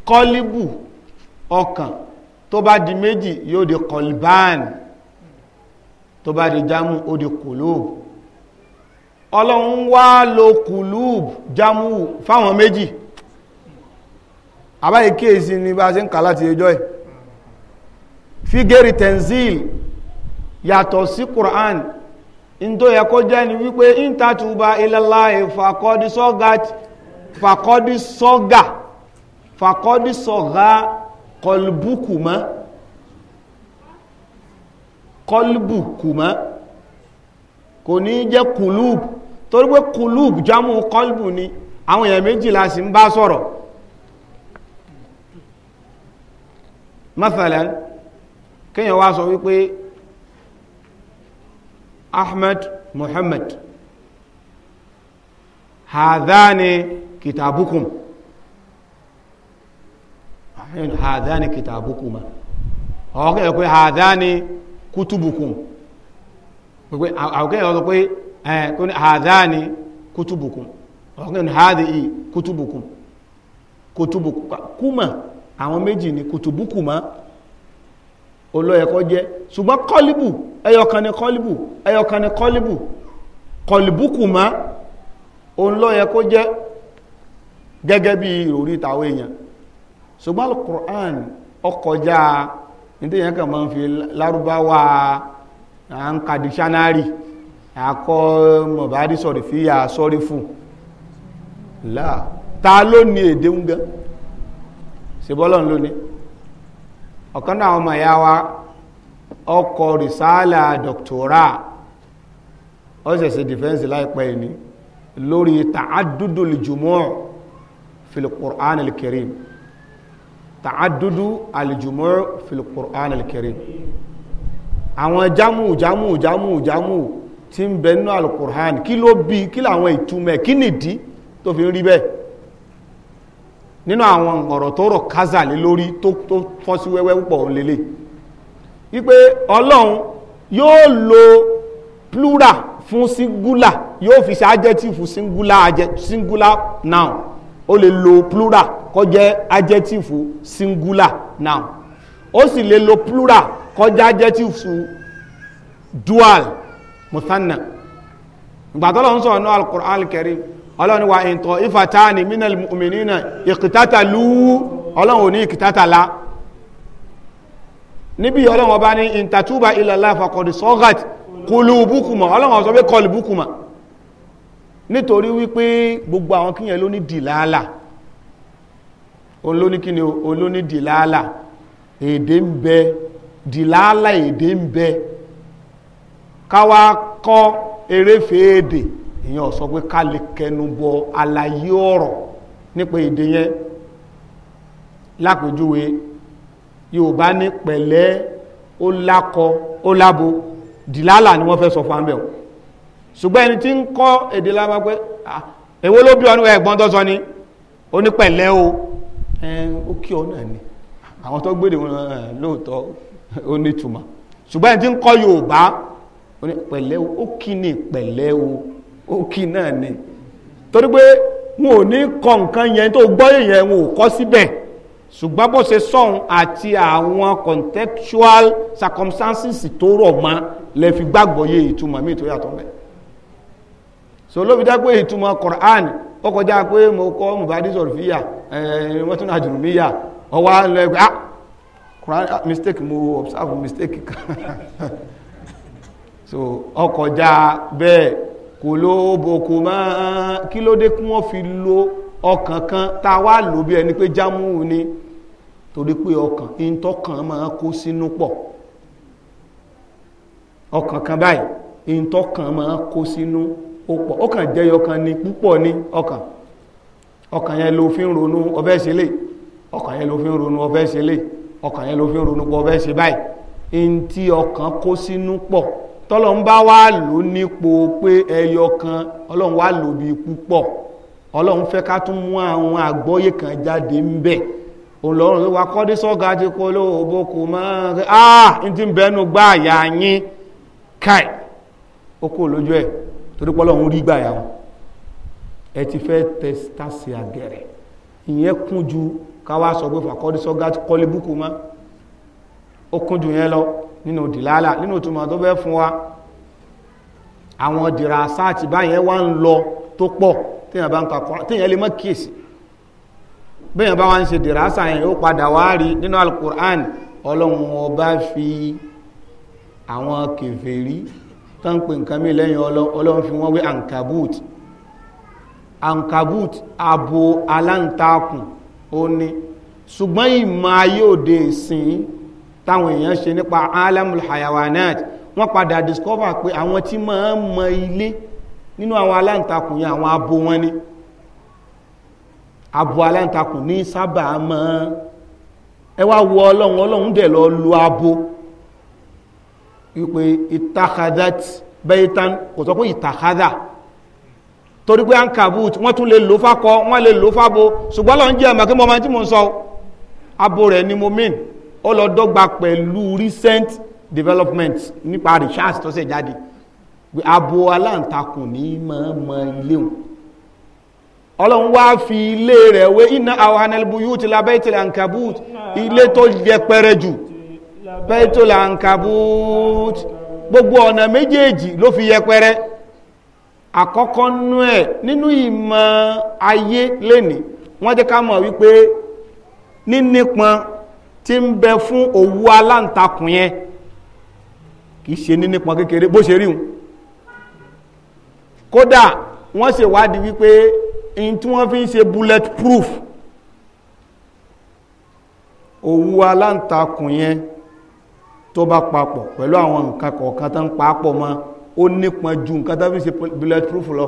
S1: kọlíbù ọkàn tó bá di méjì yóò di kọlbán tó bá di jámù ó di kùlùbù Ọlọ́run wá lo kùlùbù jámù fáwọn méjì àbáyé kíyèsí ni bá ṣe ń kà láti ẹjọ́ ẹ̀ fígẹ́rì tenzil yàtọ̀ sí Qur'an ntó yẹ kó jẹ́ ni wípé intatuba ilallahi fàkọ́dí sọ́gà fàkọ́dí sọ́gà fàkọ́dí sọ́gà kọlbùkùmọ́ kọlbùkùmọ́ kò ní jẹ́ kùlùbù torí pé jámù ni àwọn èèyàn méjìlá sì ń bá sọ̀rọ̀ mathalan kéèyàn wá sọ wípé ahmed muhammad hadhani kitabukum hadhani kitabukum ọ̀rọ̀ kéèyàn pé hadhani kutubukum pé àwọn kéèyàn sọ pé ẹ̀ hadhani kutubukum ọ̀rọ̀ kéèyàn hadhi kutubukum kutubukum kuma àwọn méjì ni kutubukuma olóyẹ̀kọ́ jẹ́ ṣùgbọ́n kọlíbù ẹyọkan ni kọlíbù ẹyọkan ni kọlíbù kọlìbùkùmá òun lọ́yẹ̀kọ́ jẹ́ gẹ́gẹ́ bí ìròrí tàwọn èèyàn ṣùgbọ́n alukur'an ọkọjá nítìyàn kan máa ń fi lárúbáwá à ń ka dictionary àkọ mọ̀bárí sọ̀rọ̀ fi yà sọ́rí fún láà ta ló ní èdè ń gan ṣe bọ́lọ̀ lónìí ọ̀kan náà ọmọ ìyá wa ọkọ̀ rìsáàlà dọ̀kítọ́rà ó ṣẹ̀ṣẹ̀ dìfẹ́ǹsì láìpẹ́ yìí ni lórí tàádùdù lìjùmọ́ fil-Qur'an al-Karim tàádùdù alìjùmọ́ fil-Qur'an al-Karim àwọn jámù jámù jámù jámù tí ń bẹ nínú al kí ló bí kí làwọn ìtumọ̀ kí nìdí tó fi ń rí bẹ́ẹ̀ nínú àwọn ọ̀rọ̀ tó rọ̀ kázà lé lórí tó fọ́ sí wẹ́wẹ́ púpọ̀ lélẹ̀ wípé ọlọ́run yóò lo plural fún singular yóò fi ṣe adjective singular singular noun ó lè lo plural kó jẹ́ adjective singular noun ó sì lè lo plural kó jẹ́ adjective dual muthanna ìgbàtọ́lọ́ ń sọ̀rọ̀ ní al-Qur'an al ọlọ́run wa ìntọ̀ ìfàtà ní minal mu'minina ìkìtàtà lú ọlọ́run ò ní ìkìtàtà la níbi ọlọ́run ọba ní ìntàtúbà ilallah faqad saghat qulubukuma ọlọ́run ọ̀sọ́ pé qalbukuma nítorí wípé gbogbo àwọn kíyàn ló ní dìláàlà olóníkíni olóní dìláàlà èdè ń èyàn sọ pé ká lè kẹnubọ àlàyé ọ̀rọ̀ nípa èdè yẹn lápèjúwe Yorùbá ní pẹ̀lẹ́ ó lákọ ó lábo dìlálà ni wọ́n fẹ́ sọ fún àmì ọ̀ ṣùgbọ́n ẹni tí ń kọ́ èdè lábá pé èwo ló bí ọ ní ẹ̀gbọ́n tó ni ó ní pẹ̀lẹ́ o ó kí ọ náà ni àwọn tó gbéde wọn lóòótọ́ ó ní ìtumọ̀ ṣùgbọ́n ẹni tí ń kọ́ Yorùbá ó pẹ̀lẹ́ o ó kí ni pẹ̀lẹ́ o òkì náà ni torí pé wọn ò ní kọ nǹkan yẹn tó gbọ́ yẹn wọn ò kọ́ síbẹ̀ ṣùgbọ́n bó ṣe sọ̀hún àti àwọn contextual circumstances tó rọ̀ mọ́ lè fi gbàgbọ́ yé ìtumọ̀ míì tó yàtọ̀ mẹ́ so ló fi dá pé ìtumọ̀ Quran ó kọjá pé mo kọ́ mubadi sọ̀rọ̀fíyà ẹ̀ẹ́n wọ́n tún náà jùrùmíyà ọwọ́ lọ ẹgbẹ́ ah Quran ah, mistake mo observe mistake kan so ó kọjá bẹ́ẹ̀ kò ló bòkò máa kí ló dé kí wọ́n fi lo ọkàn kan ta wá lò bí ẹni pé jámù ni torí pé ọkàn ìntọ́kàn máa kó sínú pọ̀ ọkàn kan báyìí ìntọ́kàn máa kó sínú ó pọ̀ ọkàn jẹyọ kan ni púpọ̀ ní ọkàn ọkàn yẹn ló fi ń ronú ọfẹ́ sílé ọkàn yẹn ló fi ń ronú ọfẹ́ sílé ọkàn yẹn ló fi ń ronú pọ̀ ọfẹ́ báyìí ìntí ọkàn kó sínú pọ̀ tọ́lọ́n bá wá lò nípo pé ẹyọ kan ọlọ́run wá lò bí púpọ̀ ọlọ́run fẹ́ ká tún mú àwọn àgbọ́yé kan jáde ń bẹ̀ ọlọ́run wá kọ́dé sọ́gá ti kọ́ ah n ti bẹnu gbá àyà yín káì ó kò lójú ẹ̀ torí rí gbà wọn ẹ ti fẹ́ tẹ́sítàsì àgẹ̀rẹ̀ ìyẹn kún ju káwá nínú dìlálà nínú túmọ̀ tó bẹ́ fún wa àwọn dìrasá àti báyẹn wá ń lọ tó pọ̀ téèyàn bá ń kakọ́ téèyàn lè mọ́ kíyèsí bẹ́yàn bá wá ń ṣe dìrasá yẹn ó padà wá rí nínú alukur'an ọlọ́run ọba fi àwọn kèfèrí tán pè nǹkan mi lẹ́yìn ọlọ́run fi wọ́n wé ankabut ankabut abo aláǹtakùn ó ní ṣùgbọ́n ìmọ̀ ayé òde ìsìn táwọn èèyàn ṣe nípa alamul hayawanat wọ́n padà discover pé àwọn tí máa ń mọ ilé nínú àwọn aláǹtakùn yẹn àwọn abo wọn ni abo aláǹtakùn ní sábà máa ẹ wá wo ọlọ́run ọlọ́run dẹ̀ lọ lu abo wípé ìtàkàdát bẹ́ẹ̀tàn kò sọ pé ìtàkàdá torí pé ankabut wọ́n tún lè lò fákọ wọ́n lè lò fábo ṣùgbọ́n lọ́n jẹ́ ẹ̀mọ̀ kí máa tí mo sọ abo rẹ̀ ni mo mean ó lọ dọ́gba pẹ̀lú recent development nípa research tó ṣe jáde pé abo aláǹtakùn ní máa mọ ilé òun ọlọ́run wá fi ilé rẹ̀ wé iná àwọn anẹ́lbuyú ti la bẹ́ẹ̀tì lankabut ilé tó yẹpẹrẹ jù bẹ́ẹ̀tì lankabut gbogbo ọ̀nà méjèèjì ló fi yẹpẹrẹ àkọ́kọ́ nú ẹ̀ nínú ìmọ̀ ayé lénìí wọ́n jẹ́ ká mọ̀ wípé nínípọn tí ń bẹ fún òwú aláǹtakùn yẹn kì í ṣe ní nípọn kékeré bó ṣe ríhun kódà wọ́n ṣe wádìí wípé in tí wọ́n fi ń ṣe bullet proof òwú aláǹtakùn yẹn tó bá papọ̀ pẹ̀lú àwọn nǹkan kọ̀ọ̀kan tó ń papọ̀ mọ́ ó nípọn ju nǹkan tó fi ń ṣe bullet proof lọ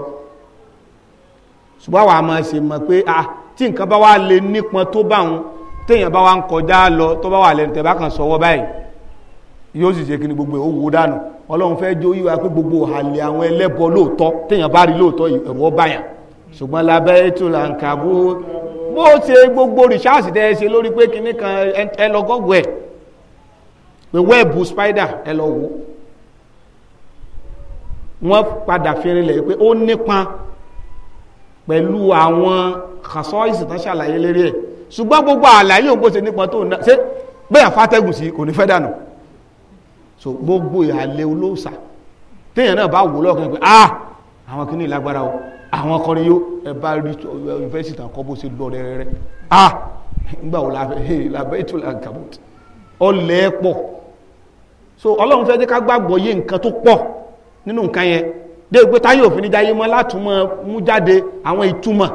S1: ṣùgbọ́n àwọn àmọ́ ṣe mọ̀ pé ah tí nǹkan bá wá lè nípọn tó bá wọn téèyàn bá wa ń kọjá lọ tó bá wà lẹ́nu tẹ̀ bá kàn sọ́wọ́ báyìí yóò sì ṣe kí ni gbogbo ẹ̀ ó wò dànù ọlọ́run fẹ́ jó yíwa pé gbogbo àlẹ́ àwọn ẹlẹ́bọ lóòótọ́ téèyàn bá rí lóòótọ́ ẹ̀rọ báyàn ṣùgbọ́n lábẹ́ ètò làǹkàbó bó ṣe gbogbo rìṣáàsì tẹ́ ẹ ṣe lórí pé kinní kan ẹ lọ gọ́gọ́ ẹ̀ pé wẹ́ẹ̀bù spider ẹ lọ wò wọ́n padà fi rinlẹ̀ pé ó nípa pẹ̀lú àwọn kàṣọ́ ìsìtàn ṣàlàyé lérí ẹ̀ ṣùgbọ́n gbogbo àlàyé òun bó ṣe nípa tó ná ṣe bẹ́ẹ̀ fàtẹ́gùn sí kò ní fẹ́ dànù so gbogbo ìhàlẹ̀ olóòsà téèyàn náà bá wò lọ́kàn pé ah àwọn kìíní lágbára o àwọn akọrin yóò ẹ bá rí yunifásitì àkọ́ bó ṣe lọ rẹ́rẹ́rẹ́ ah nígbà wo la fẹ́ labẹ́ ètò làǹkàbọ̀tì ọlẹ́ pọ̀ so ọlọ́run fẹ́ jẹ́ ká gbàgbọ́ yé nǹkan tó pọ̀ nínú nǹkan yẹn dé pé táyé òfin níjà yé mọ́ látùmọ̀ mú jáde àwọn ìtumọ̀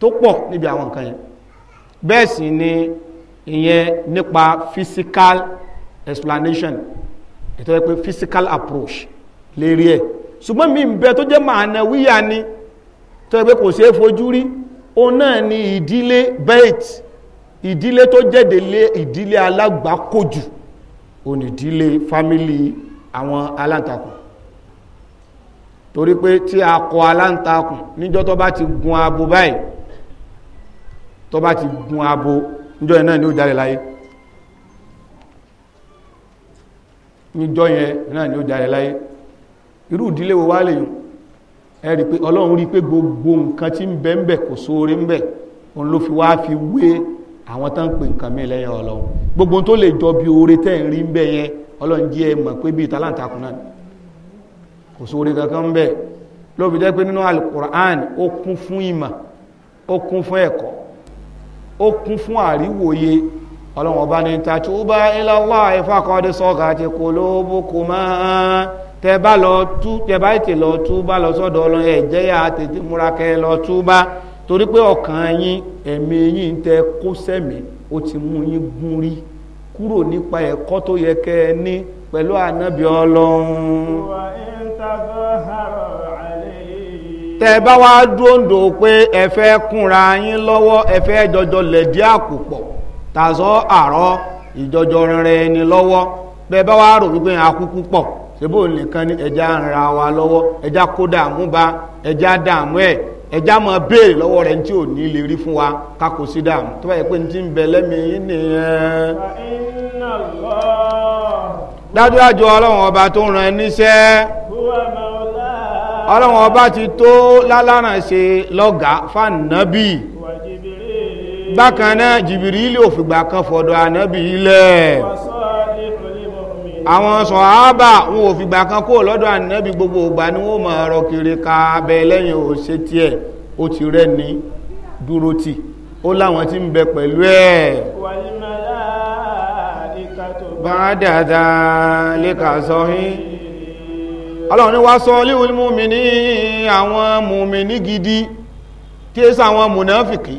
S1: tó pọ̀ níbi àwọn nǹkan yẹn bẹ́ẹ̀ sì ni ìyẹn nípa physical explanation ètò ẹ physical approach lérí ẹ̀ ṣùgbọ́n mi ń bẹ tó jẹ́ màánà wíyà ni tó ẹ pé kò ṣeé fojú rí òun náà ni ìdílé bait ìdílé tó jẹ́dẹ̀lé ìdílé alágbàkójù òun ìdílé fámílì àwọn aláǹtakùn torí pé tí a kọ aláǹtakùn níjọ́ tó bá ti gun abo báyìí tó bá ti gun abo níjọ́ yẹn náà ni ó jáde láyé níjọ́ yẹn náà ni ó jáde láyé irú ìdílé wo wá lè yùn ẹ rí pé ọlọ́run rí pé gbogbo nǹkan tí ń bẹ ń bẹ kò sóore ń bẹ òun ló fi wá fi wé àwọn tán ń pè nǹkan mí lẹ́yìn ọlọ́run gbogbo tó lè jọ bí oore tẹ́ ń rí ń bẹ yẹn ọlọ́run jí ẹ mọ̀ pé bí ìtàláǹtakùn náà kò sóore kankan ń bẹ ló fi jẹ́ pé nínú alukur'an ó kún fún ìmọ̀ ó kún fún ẹ̀kọ́ ó kún fún àríwòye ọlọ́run ọba ní tàtúbà ilallah ìfàkọ́dé sọ́gà àti kolóbókòmá tẹ bá lọ tú tẹ bá ètè lọ tú bá lọ sọ́dọ̀ ọlọ́run ẹ̀ jẹ́yà tètè múra kẹ́ lọ tú bá torí pé ọkàn yín ẹ̀mí yín tẹ kó sẹ́mi ó ti mú yín gún rí kúrò nípa ẹ̀kọ́ tó yẹ kẹ́ ẹ ní pẹ̀lú ànábì ọlọ́run.
S2: wà á ń tàbí ọ̀hárọ̀
S1: tẹ bá wá dúró ń dò pé ẹ kúnra lọ́wọ́ ẹ jọjọ lẹ̀dí àkùpọ̀ tàzọ́ àrọ́ ìjọjọ rẹ̀ ni lọ́wọ́ bẹ bá wá rò wípé akúkú pọ̀ ṣebó nìkan ni ẹja ń ra wa lọ́wọ́ ẹja kó dààmú ba ẹja dààmú ẹ̀ ẹja máa béèrè lọ́wọ́ rẹ̀ tí ọlọ́run ọba ti tó láláràn ṣe lọ́gá fànàbí bákan náà jìbìrìlì òfìgbà kan fọ̀dọ̀ ànábì ilẹ̀ àwọn sọ̀hábà wọn òfìgbà kan kó lọ́dọ̀ ànábì gbogbo ìgbà ni wọ́n mọ̀ ọ̀rọ̀ kiri ka abẹ lẹ́yìn òṣè tiẹ̀ ó ti rẹ́ ní dúró tì ó láwọn tí ń bẹ pẹ̀lú ẹ̀
S2: bá dàda lè kà sọ
S1: ọlọ́run ní wá sọ líhùn múmìnì àwọn múmìnì gidi tí èsà àwọn múnáfìkì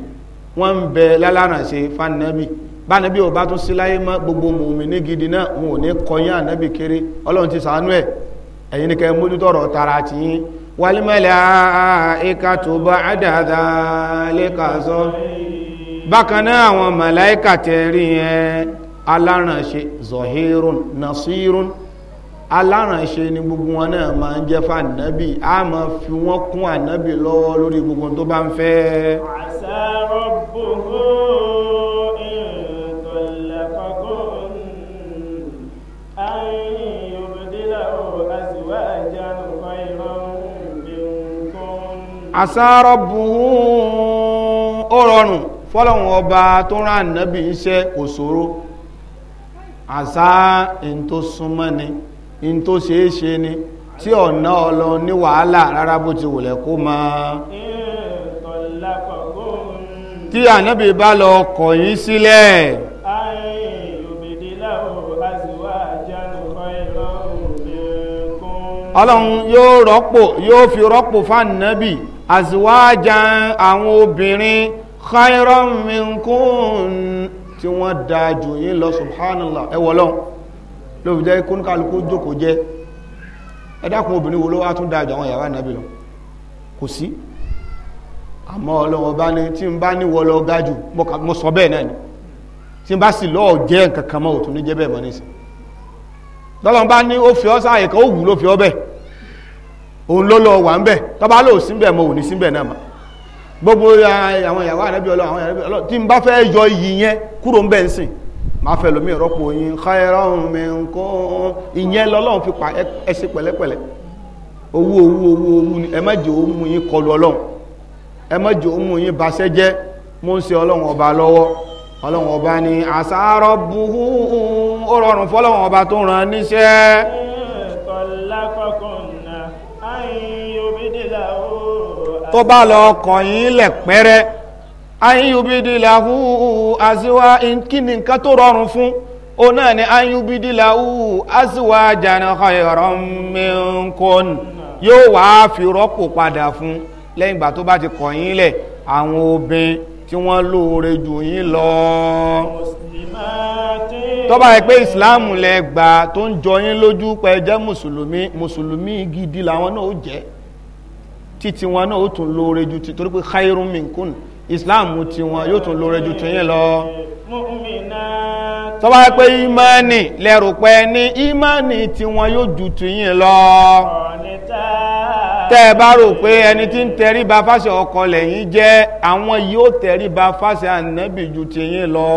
S1: wọ́n ń bẹ lálànà ṣe fánàbí bánàbí ò bá tún sí láyé mọ́ gbogbo múmìnì gidi náà wọn ò ní kọyán ànábì kéré ọlọ́run ti ṣàánú ẹ̀ ẹ̀yin ní kẹ́ mójútọ̀rọ̀ tara ti yín wàlímọ̀lá ẹ̀ka tó bá àdàdà lẹ́ka sọ bákan náà àwọn màláìkà tẹ̀rí yẹn alárànṣe zọ̀hírùn nasírùn alárànṣe ni gbogbo wọn náà máa ń jẹ́ fànábì a máa fi wọ́n kún ànábì lọ́wọ́ lórí gbogbo tó bá ń fẹ́.
S2: àṣà rọ̀bùhù
S1: àṣà rọ̀bùhù ó tó rán ànábì iṣẹ́ kò ṣòro àṣà èyí ni in tó ṣeé ṣe ni tí ọ̀nà ọlọ́run ní wàhálà rárá bó ti wùlẹ̀ kó mọ́ tí ànábì bá lọ kọ̀ yín sílẹ̀ ọlọ́run yóò rọ́pò yóò fi rọ́pò fánàbì àzíwájá àwọn obìnrin khairan minkum tí wọ́n dáa jù yín lọ subhanallah ẹwọ́lọ́run ló fi jẹ́ kónkálukú jókòó jẹ́ ẹ dákun obìnrin wo ló wá tún dájọ àwọn ìyàwó ànábì lọ kò sí àmọ́ ọlọ́wọ́n bá ní tí n bá ní wọlọ gájù mo sọ bẹ́ẹ̀ náà ni tí n bá sì lọ́ọ̀ jẹ́ nǹkan kan mọ́ òtún ní jẹ́ bẹ́ẹ̀ mọ́ nísìn tọ́lọ́n bá ní ó fi ọ́ sáàyè kan ó wù ló fi ọ́ bẹ́ẹ̀ òun ló lọ wà ń bẹ̀ tọ́ba lò sí bẹ́ẹ̀ mọ́ òní sí bẹ́ẹ̀ náà mọ́ gbogbo eh, àwọn ìyàwó ànábì ọlọ́wọ́ àwọn ìyàwó ànábì ọlọ́wọ́ tí n bá fẹ́ yọ iyì yẹn kúrò ń bẹ́ẹ̀ ń sìn Ma fẹ́ lómi ìrọ́pò yín khairan minkum ìyẹn lọ́lọ́run fi pa ẹ ṣe pẹ̀lẹ́pẹ̀lẹ́ owó owó owó owó ni ẹ má jẹ́ ó mú yín kọlu ọlọ́run ẹ má jẹ́ ó mú yín baṣẹ́ jẹ́ mo ń ṣe ọlọ́run ọba lọ́wọ́ ọlọ́run ọba ni àṣàárọ̀ buhu ó rọrùn fọlọ́run ọba tó ràn níṣẹ́. tó bá lọ kàn yín lẹ̀ pẹ́rẹ́ ayúbídìláhù àzíwá kíni nǹkan tó rọrùn fún ó náà ni ayúbídìláhù àzíwá jana khayran minkun yóò wá fi rọ́pò padà fún lẹ́yìn ìgbà tó bá ti kọ̀ yín lẹ̀ àwọn obìnrin tí wọ́n lóore jù yín lọ
S2: tó yẹ pé ìsìláàmù
S1: lẹ gbà tó ń jọ yín lójú pé jẹ́ mùsùlùmí mùsùlùmí gidi làwọn náà ó jẹ́ títí wọn náà ó tún lóore jù ti pé khayran minkun islam ti wọn yóò tún lóore ju tìyín lọ. tọ́wọ́ pé ìmánì lẹ́rù pẹ́ ní ìmánì tí wọn yóò ju tìyín lọ. tẹ́ ẹ bá rò pé ẹni tí ń tẹrí ba fáṣẹ ọkọ lẹ́yìn jẹ́ àwọn yóò tẹrí ba fáṣẹ ànábì ju tìyín lọ.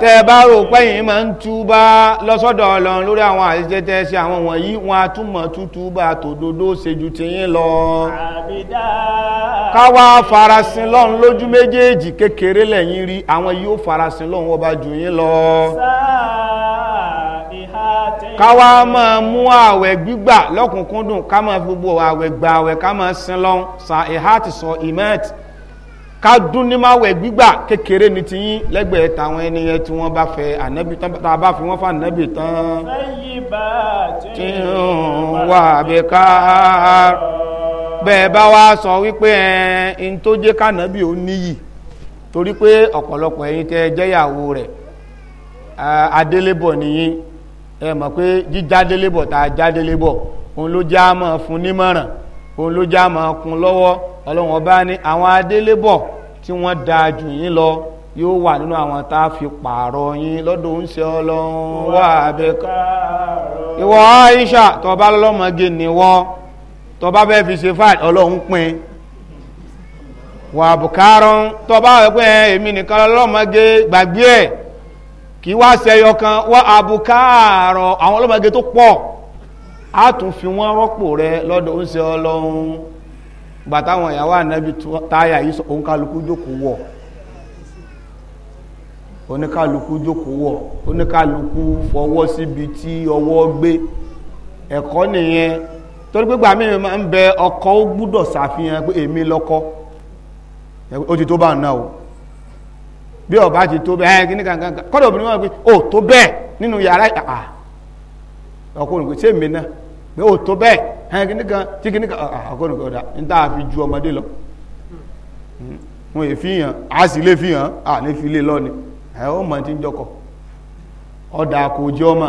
S1: tẹ́ ẹ bá rò pé yìí máa ń túbá lọ́sọ́dọ̀ ọlọ́run lórí àwọn àṣìṣe tẹ́ ẹ ṣe àwọn wọ̀nyí wọn a túmọ̀ tútúbà tòdodo ṣe ju tìyín lọ káwá farasin lọ́n lójú méjèèjì kékeré lẹ́yìn rí àwọn yóò farasin lọ́n wọ́n bá jù yín lọ káwá máa mú àwẹ̀ gbígbà lọ́kùnkúndùn ká máa gbogbo àwẹ̀ gba àwẹ̀ ká máa sin lọ́n sa ìhá ti sọ ìmẹ́t ká dún ní máwẹ̀ gbígbà kékeré ni ti yín lẹ́gbẹ̀ẹ́ táwọn ẹniyẹn tí wọ́n bá fẹ́ ànábì tán tá a bá fi wọ́n fà ànábì tán tí ń wà bí káà bẹ́ẹ̀ bá wá sọ wípé ẹn tó jẹ́ kànábì ó níyì torí pé ọ̀pọ̀lọpọ̀ ẹ̀yin tẹ́ jẹ́yàwó rẹ̀ adélébọ̀ nìyí ẹ mọ̀ pé jíjádélébọ̀ tá a jádélébọ̀ òun ló já mọ́ fún nímọ̀ràn òun ló já mọ́ kún lọ́wọ́ ọlọ́run ọba ní àwọn adélébọ̀ tí wọ́n dáa jù yín lọ yóò wà nínú àwọn tá a fi pààrọ̀ yín lọ́dọ̀ ń ṣe ọlọ́run wà bẹ́ẹ̀ kan ìwọ Aisha tó lọ́mọge ni tó bá fẹ́ fi ṣe fáàlì ọlọ́run pín wà bùkárùn tó bá wẹ̀ pé èmi nìkan ọlọ́mọge gbàgbé ẹ̀ kì í wá ṣẹyọ kan wọ́n àbùkárọ̀ àwọn ọlọ́mọge tó pọ̀ á tún fi wọ́n rọ́pò rẹ lọ́dọ̀ ó ń ṣe ọlọ́run gbà táwọn ìyàwó ànábi táyà yìí òun kálukú jókòó wọ̀ oníkálukú jókòó wọ̀ oníkálukú fọwọ́ síbi tí ọwọ́ gbé ẹ̀kọ́ nìyẹn torí pé gbàmí máa ń bẹ ọkọ ó gbúdọ̀ ṣàfihàn pé èmi lọ́kọ ó ti tó bá ń ná o bí ọba ti tó bẹ́ẹ̀ kí ní kankan kọ́dọ̀ obìnrin wọn pé ó tó bẹ́ẹ̀ nínú yàrá àà ọkùnrin kò sí èmi náà pé ó tó bẹ́ẹ̀ ẹ̀ kí ní kan tí kí ní kan ọkùnrin kò dà ní tá a fi ju ọmọdé lọ hmm. wọn è e fi hàn á sì lè fi hàn á lè fi lè lọ ni ẹ̀ ó mọ̀ tí ń jọkọ̀ ọ̀dà kò jẹ́ ọmọ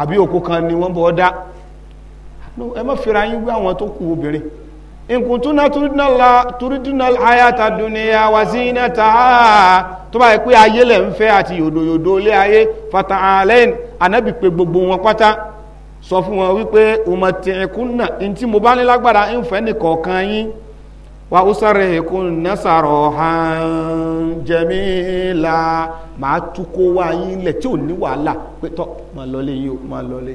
S1: àbí òkú kan ni wọ́n bọ́ dá ẹ má fira yín wí àwọn tó kù obìnrin nkùn túnná turidúnà ayáta dúnìyà wá sí iná tàá tó bá yẹ pé ayé lẹ̀ ń fẹ́ àti yòdòyòdò lé ayé fata alẹ́n anábì pé gbogbo wọn pátá sọ fún wọn wípé òmọ̀tìrìkúnnà ntí mo bá ní lágbára ń fẹ́ nìkọ̀ọ̀kan yín wa usarihikun nasarahan jamila màá tú kó wá yín lẹ̀ tí ò ní wàhálà pé tọ́ máa lọlé yìí ó máa lọlé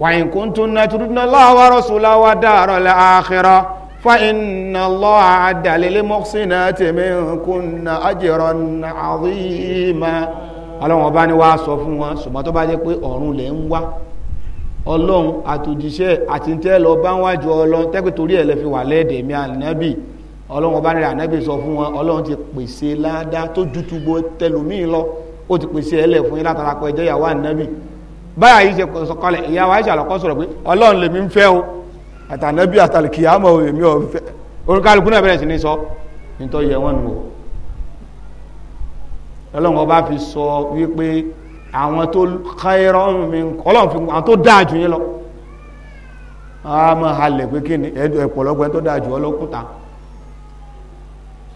S1: wa in kuntunna turudna Allaha wa rasulahu wa daral akhirah fa inna Allaha a'adda lil muhsinati minkunna ajran 'azima ọlọ́run ọba ni wàá sọ fún wọn ṣùgbọ́n tó bá jẹ́ pé ọ̀run lẹ̀ ń wá ọlọ́run àtòjíṣẹ́ àti tẹ́ lọ bá wájú ọlọ́run tẹ́pẹ́ torí ẹ̀ lẹ́ fi wà lẹ́ẹ̀dẹ̀ mi ànábì ọlọ́run ọba rẹ̀ ànábì sọ fún wọn ọlọ́run ti pèsè ládá tó ju tugbo tẹlòmíì lọ ó ti pèsè ẹlẹ̀ fún yín látara pé ẹjẹ́ ìyàwó ànábì báyà yìí ṣe sọ̀kalẹ̀ ìyàwó àìsàn àlọ́kọ́ sọ̀rọ̀ pé ọlọ́run lèmi ń fẹ́ o àtànábì àtàlìkìyàmọ̀ èmi ò fẹ́ àwọn tó khairan min ọlọ́run fi àwọn tó dáa jù yín lọ a máa halẹ̀ pé kí ni ẹ̀pọ̀lọpọ̀ tó dáa jù ọlọ́kùnta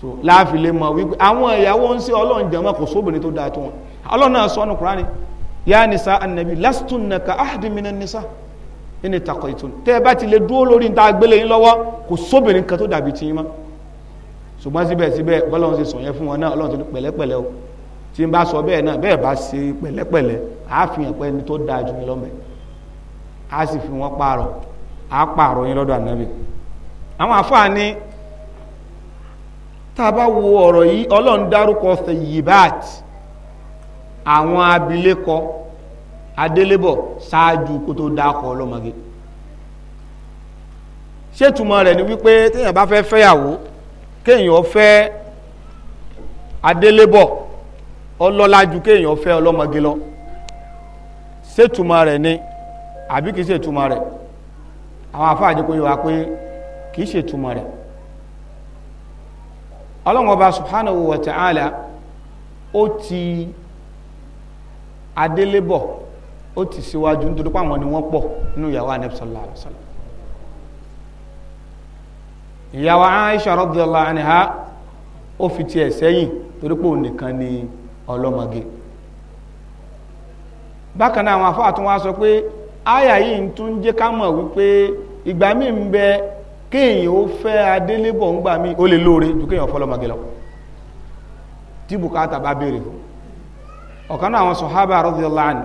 S1: so láàfin lè mọ wípé àwọn ìyàwó ń ṣe ọlọ́run jẹ̀mọ́ kò sóbìnrin tó dáa tó wọn ọlọ́run náà kúránì yá nìsa ànàbí lásìtúnà ká áàdì nìsa ẹni takọ̀ ìtún tẹ́ ẹ bá ti dúró lórí níta gbélé yín lọ́wọ́ kò sóbìnrin kan tó dàbí tiyín mọ́ ṣùgbọ́n síbẹ̀síbẹ̀ bọ́lọ́run tí n bá sọ bẹ́ẹ̀ náà bẹ́ẹ̀ bá ṣe pẹ̀lẹ́pẹ̀lẹ́ á fi hàn pé ẹni tó dáa jù mí lọ́mọ á sì fi wọ́n pààrọ̀ á pààrọ̀ yín lọ́dọ̀ ànábì àwọn àfààní tá a bá wo ọ̀rọ̀ yìí ọlọ́run dárúkọ thayyibat àwọn abilékọ adélébọ̀ ṣáájú kó tó dákọ̀ ọlọ́mọge ṣètumọ̀ rẹ̀ ni wípé téèyàn bá fẹ́ fẹ́yàwó kéèyàn fẹ́ adélébọ̀ ọlọ́lá ju kéèyàn fẹ́ ọlọ́mọge lọ ṣètùmọ̀ rẹ̀ ni àbí kìí ṣètùmọ̀ rẹ̀ àwọn afáàjẹ kò yọ wá pé kìí ṣètùmọ̀ rẹ̀ ọlọ́run subhanahu wa ta'ala ó ti adélébọ̀ ó ti síwájú nítorí pé ni wọ́n pọ̀ nínú ìyàwó anabi sallallahu alaihi ìyàwó aisha radiyallahu anha ó fi tiẹ̀ sẹ́yìn torí pé òun nìkan ni ọlọ́mọge bákan náà àwọn afọ́ àtúnwá sọ pé àyà yìí ń tún jẹ́ ká mọ̀ wípé ìgbà míì ń bẹ kéèyàn ó fẹ́ adélébọ̀ ń gbà mí ó lè lóore ju kéèyàn fọlọ́mọge lọ tí bùkátà bá béèrè fún ọ̀kan náà àwọn sọ̀hábà radiyallahu anhu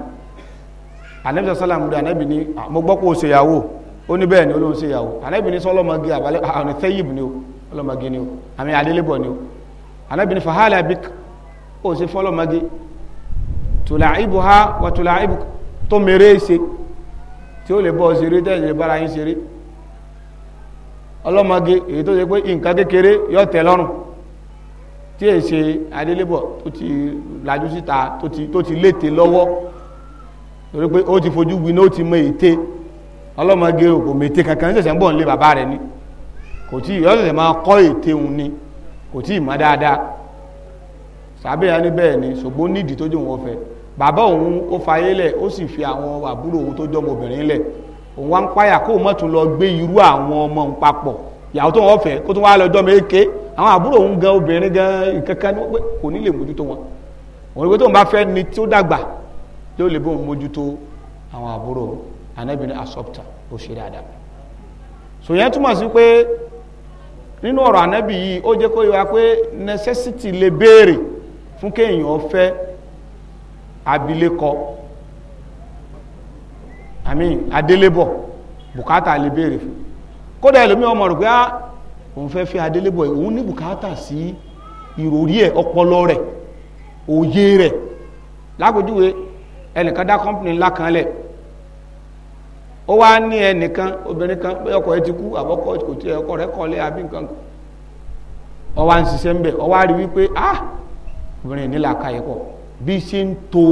S1: ànẹ́bìsọ̀ sálàmù dé ànẹ́bì ní mo gbọ́ pé ó ṣe ó ní bẹ́ẹ̀ ni ó ló ń ṣe ìyàwó ànẹ́bì ní sọ́lọ́mọge àwọn ìfẹ́yìb ni ó ọlọ́mọge ni ó àmì adélébọ̀ ni ó ànẹ́bì ní fàhálà bíkà o ṣe fọ́lọ́mọdé tùlàìbùhá ibu ha tó ibu ṣe tí ó lè bọ́ seere tẹ́lẹ̀ lè bára yín ṣeré ọlọ́mọge èyí tó ṣe pé nǹkan kékeré yọ tẹ́ lọ́rùn tí è ṣe adélébọ̀ tó ti lajú síta tó ti léte lọwọ torí pé ó ti fojú gbiná ó ti mọ ète ọlọ́mọge kò mète kankan ṣẹ̀ṣẹ̀ ń bọ̀ nílé bàbá ni kò tí máa kọ́ sàbẹ̀ yẹn ní bẹ́ẹ̀ ni ṣùgbọ́n nídìí tó jẹ́ òun fẹ́ bàbá òun ó fayé lẹ̀ ó sì fi àwọn àbúrò òun tó jọmọ obìnrin lẹ̀ òun wá ń páyà kó o mọ̀tún lọ gbé irú àwọn ọmọ òun papọ̀ ìyàwó tó wọ́n fẹ́ kó tó wá lọ́jọ́ méje àwọn àbúrò òun gan obìnrin gan kankan kò ní lè mójútó wọn òun ìwé tó ń bá fẹ́ ni tí ó dàgbà yóò lè bóun mójútó àwọn àbúrò anábìnrin asọ́pta ó ṣe dáadáa sòyẹn túmọ̀ sí pé nínú ọ̀rọ̀ anábì yìí ó jẹ́ kó yẹ wá pé necessity lè béèrè fún kéèyàn fẹ́ abilékọ àmì adélébọ̀ bùkátà lè béèrè fún kódà ẹlòmí ọmọ rẹ̀ pé á ah, òun fẹ́ fẹ́ adélébọ̀ òun ní bùkátà sí ìròrí ẹ̀ ọpọlọ rẹ̀ òye rẹ̀ lágbójúwe ẹnìkan dá kọ́mpìnì ńlá kan lẹ̀ ó wá ní ẹnìkan obìnrin kan pé ọkọ̀ ẹ ti kú àbọ̀kọ kò tí ọkọ rẹ̀ kọ́lé àbí nǹkan ó wá ń ṣiṣẹ́ ń bẹ̀ ó rí wípé ah obìnrin nílàkàyè pọ̀ bí ṣe ń to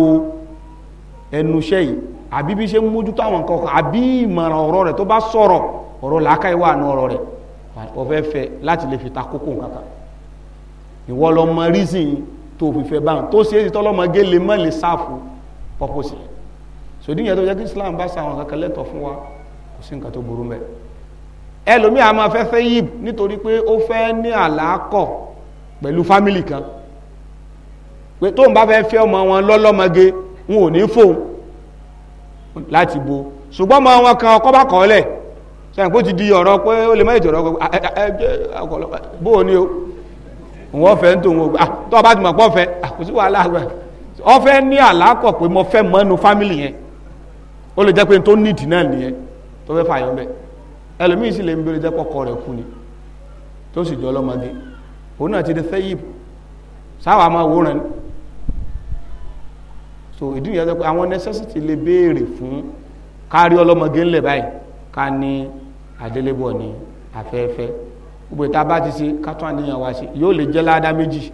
S1: ẹnu iṣẹ́ yìí àbí bí ṣe ń mójútó àwọn nǹkan kan àbí ìmọ̀ràn ọ̀rọ̀ rẹ̀ tó bá sọ̀rọ̀ ọ̀rọ̀ làákàyè wà nù ọ̀rọ̀ rẹ̀ ọ̀fẹ́ fẹ́ láti lè fi ta kókó nǹkan kan ìwọ lọ mọ reason tó fi fẹ́ báwọn tó ṣe é ti tọ́lọ́mọ gé lè mọ́ lè sáàfù purpose sòdí yẹn tó jẹ́ kí Islam bá sa àwọn kankan lẹ́tọ̀ fún wa kò sí nǹkan tó burú mẹ́ ẹlòmíà máa fẹ́ fẹ́ yìí nítorí pé ó fẹ́ ní àlàákọ̀ pẹ̀lú fámìlì kan pé tóun bá fẹ́ fẹ́ ọmọ wọn lọ́lọ́mọge wọn ò ní fóun láti bo wọn kan ọkọ bá kọ́ lẹ̀ sẹ́yìn ti di ọ̀rọ̀ pé ó lè má ètò ọ̀rọ̀ bó o ní o òun ọ̀fẹ́ ń tòun ọgbà tó o bá ti mọ̀ pé ọ̀fẹ́ àkóso wàhálà ní àlákọ̀ pé mo fẹ́ mọ́nu fámìlì yẹn ó lè jẹ́ pé tó nìyẹn tó fẹ́ fààyàn bẹ́ẹ̀ sì lè ń so ìdí ya pé àwọn necessity lè béèrè fún kárí ọlọ́mọge ńlẹ̀ báyìí ká ní àdélébọ̀ ní afẹ́fẹ́ gbogbo ìta bá ti ṣe kátó àníyàn wá sí yóò lè jẹ́ ládá méjì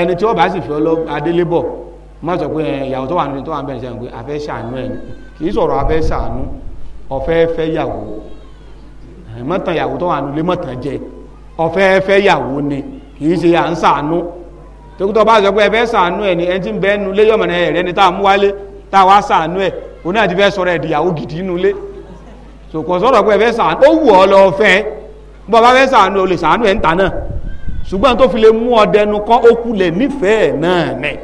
S1: ẹni tí bá sì fi ọlọ́ adélébọ̀ má sọ pé ìyàwó tó wà nínú tó wà ṣàánú ẹ̀ kì í sọ̀rọ̀ afẹ́ ṣàánú yàwó jẹ yàwó ni kì í tókítọ́ bá sọ pé ẹ fẹ́ sànú ẹ ní ẹni tí ń bẹ́ nu lé yọ̀mọ̀nà ẹ̀rẹ́ ni tá a mú wálé tá a wá sànú ẹ òun náà ti fẹ́ sọ̀rọ̀ ẹ̀dìyàwó gidi nu lé sòkò sọ̀rọ̀ pé ẹ sànú ó wù ọ́ lọ fẹ́ bọ́ bá fẹ́ sànú o lè sànú ẹ̀ ń ta náà ṣùgbọ́n tó fi lè mú ọ dẹnu kọ́ ó kulẹ̀ nífẹ̀ẹ́ náà nẹ̀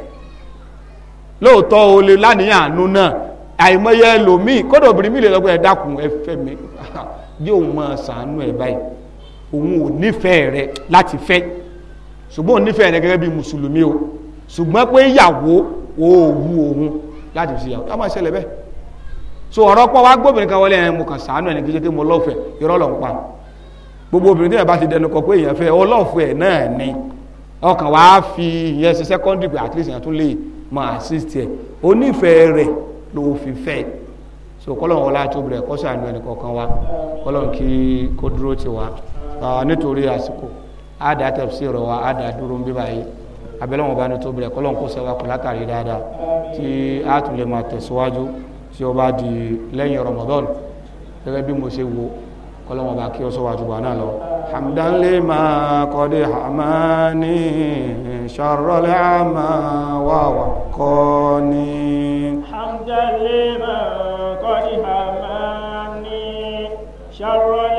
S1: lóòótọ́ o lè lánìyàn àánú náà àìmọye ẹlòmíì kódà obìnrin mi lè lọ pé ẹ dákun ẹ fẹ́ mi yóò máa sànú ẹ ṣùgbọ́n nífẹ̀ẹ́ rẹ̀ gẹ́gẹ́ bí mùsùlùmí o ṣùgbọ́n pé ìyàwó òòwú òun láti fi ṣèyàwó yàmà ṣẹlẹ̀ bẹ́ẹ̀ so ọ̀rọ̀ pọ̀ wá gbóbìnrin kan wọlé ẹ̀ mo kàn sàánú ẹni kéjẹ́ mo lọ́fẹ̀ irọ́ lọ ń pa gbogbo obìnrin tí yàrá bá ti dẹnu kọ pé èèyàn fẹ́ ọlọ́fẹ̀ náà ni ọkàn wá fi ìyẹn ṣe secondary pé at least èèyàn tún lè máa assist ẹ̀ onífẹ̀ẹ́ rẹ̀ ló fi fẹ́ so kọ́lọ́n wọlé àti obìnrin ẹ̀kọ́ sàánú ẹni kọ̀ọ̀kan wa kọ́lọ́n kí kó dúró ti wa ah, nítorí àsìkò á dá tafsir wa á dá dúró ń bí báyìí abẹ́lẹ́wọ̀n bá ní tó bẹ̀rẹ̀ kó sẹ́wà kó látàrí dáadáa tí á tún lè máa tẹ̀síwájú tí ó bá di lẹ́yìn Ramadan gẹ́gẹ́ bí mo ṣe wo kọ́lọ́n ọba kí ó sọ wa náà lọ. hamdan lima qadi hamani sharral ama wa wakoni.
S2: hamdan lima qadi hamani sharral.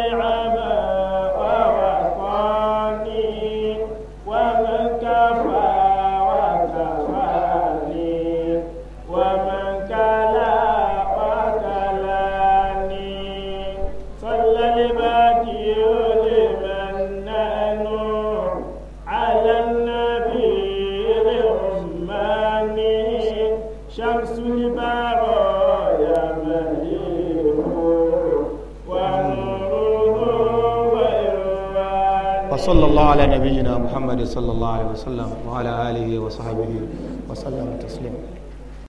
S2: وصلى الله على
S1: نبينا محمد صلى الله عليه وسلم وعلى آله وصحبه وسلم تسليما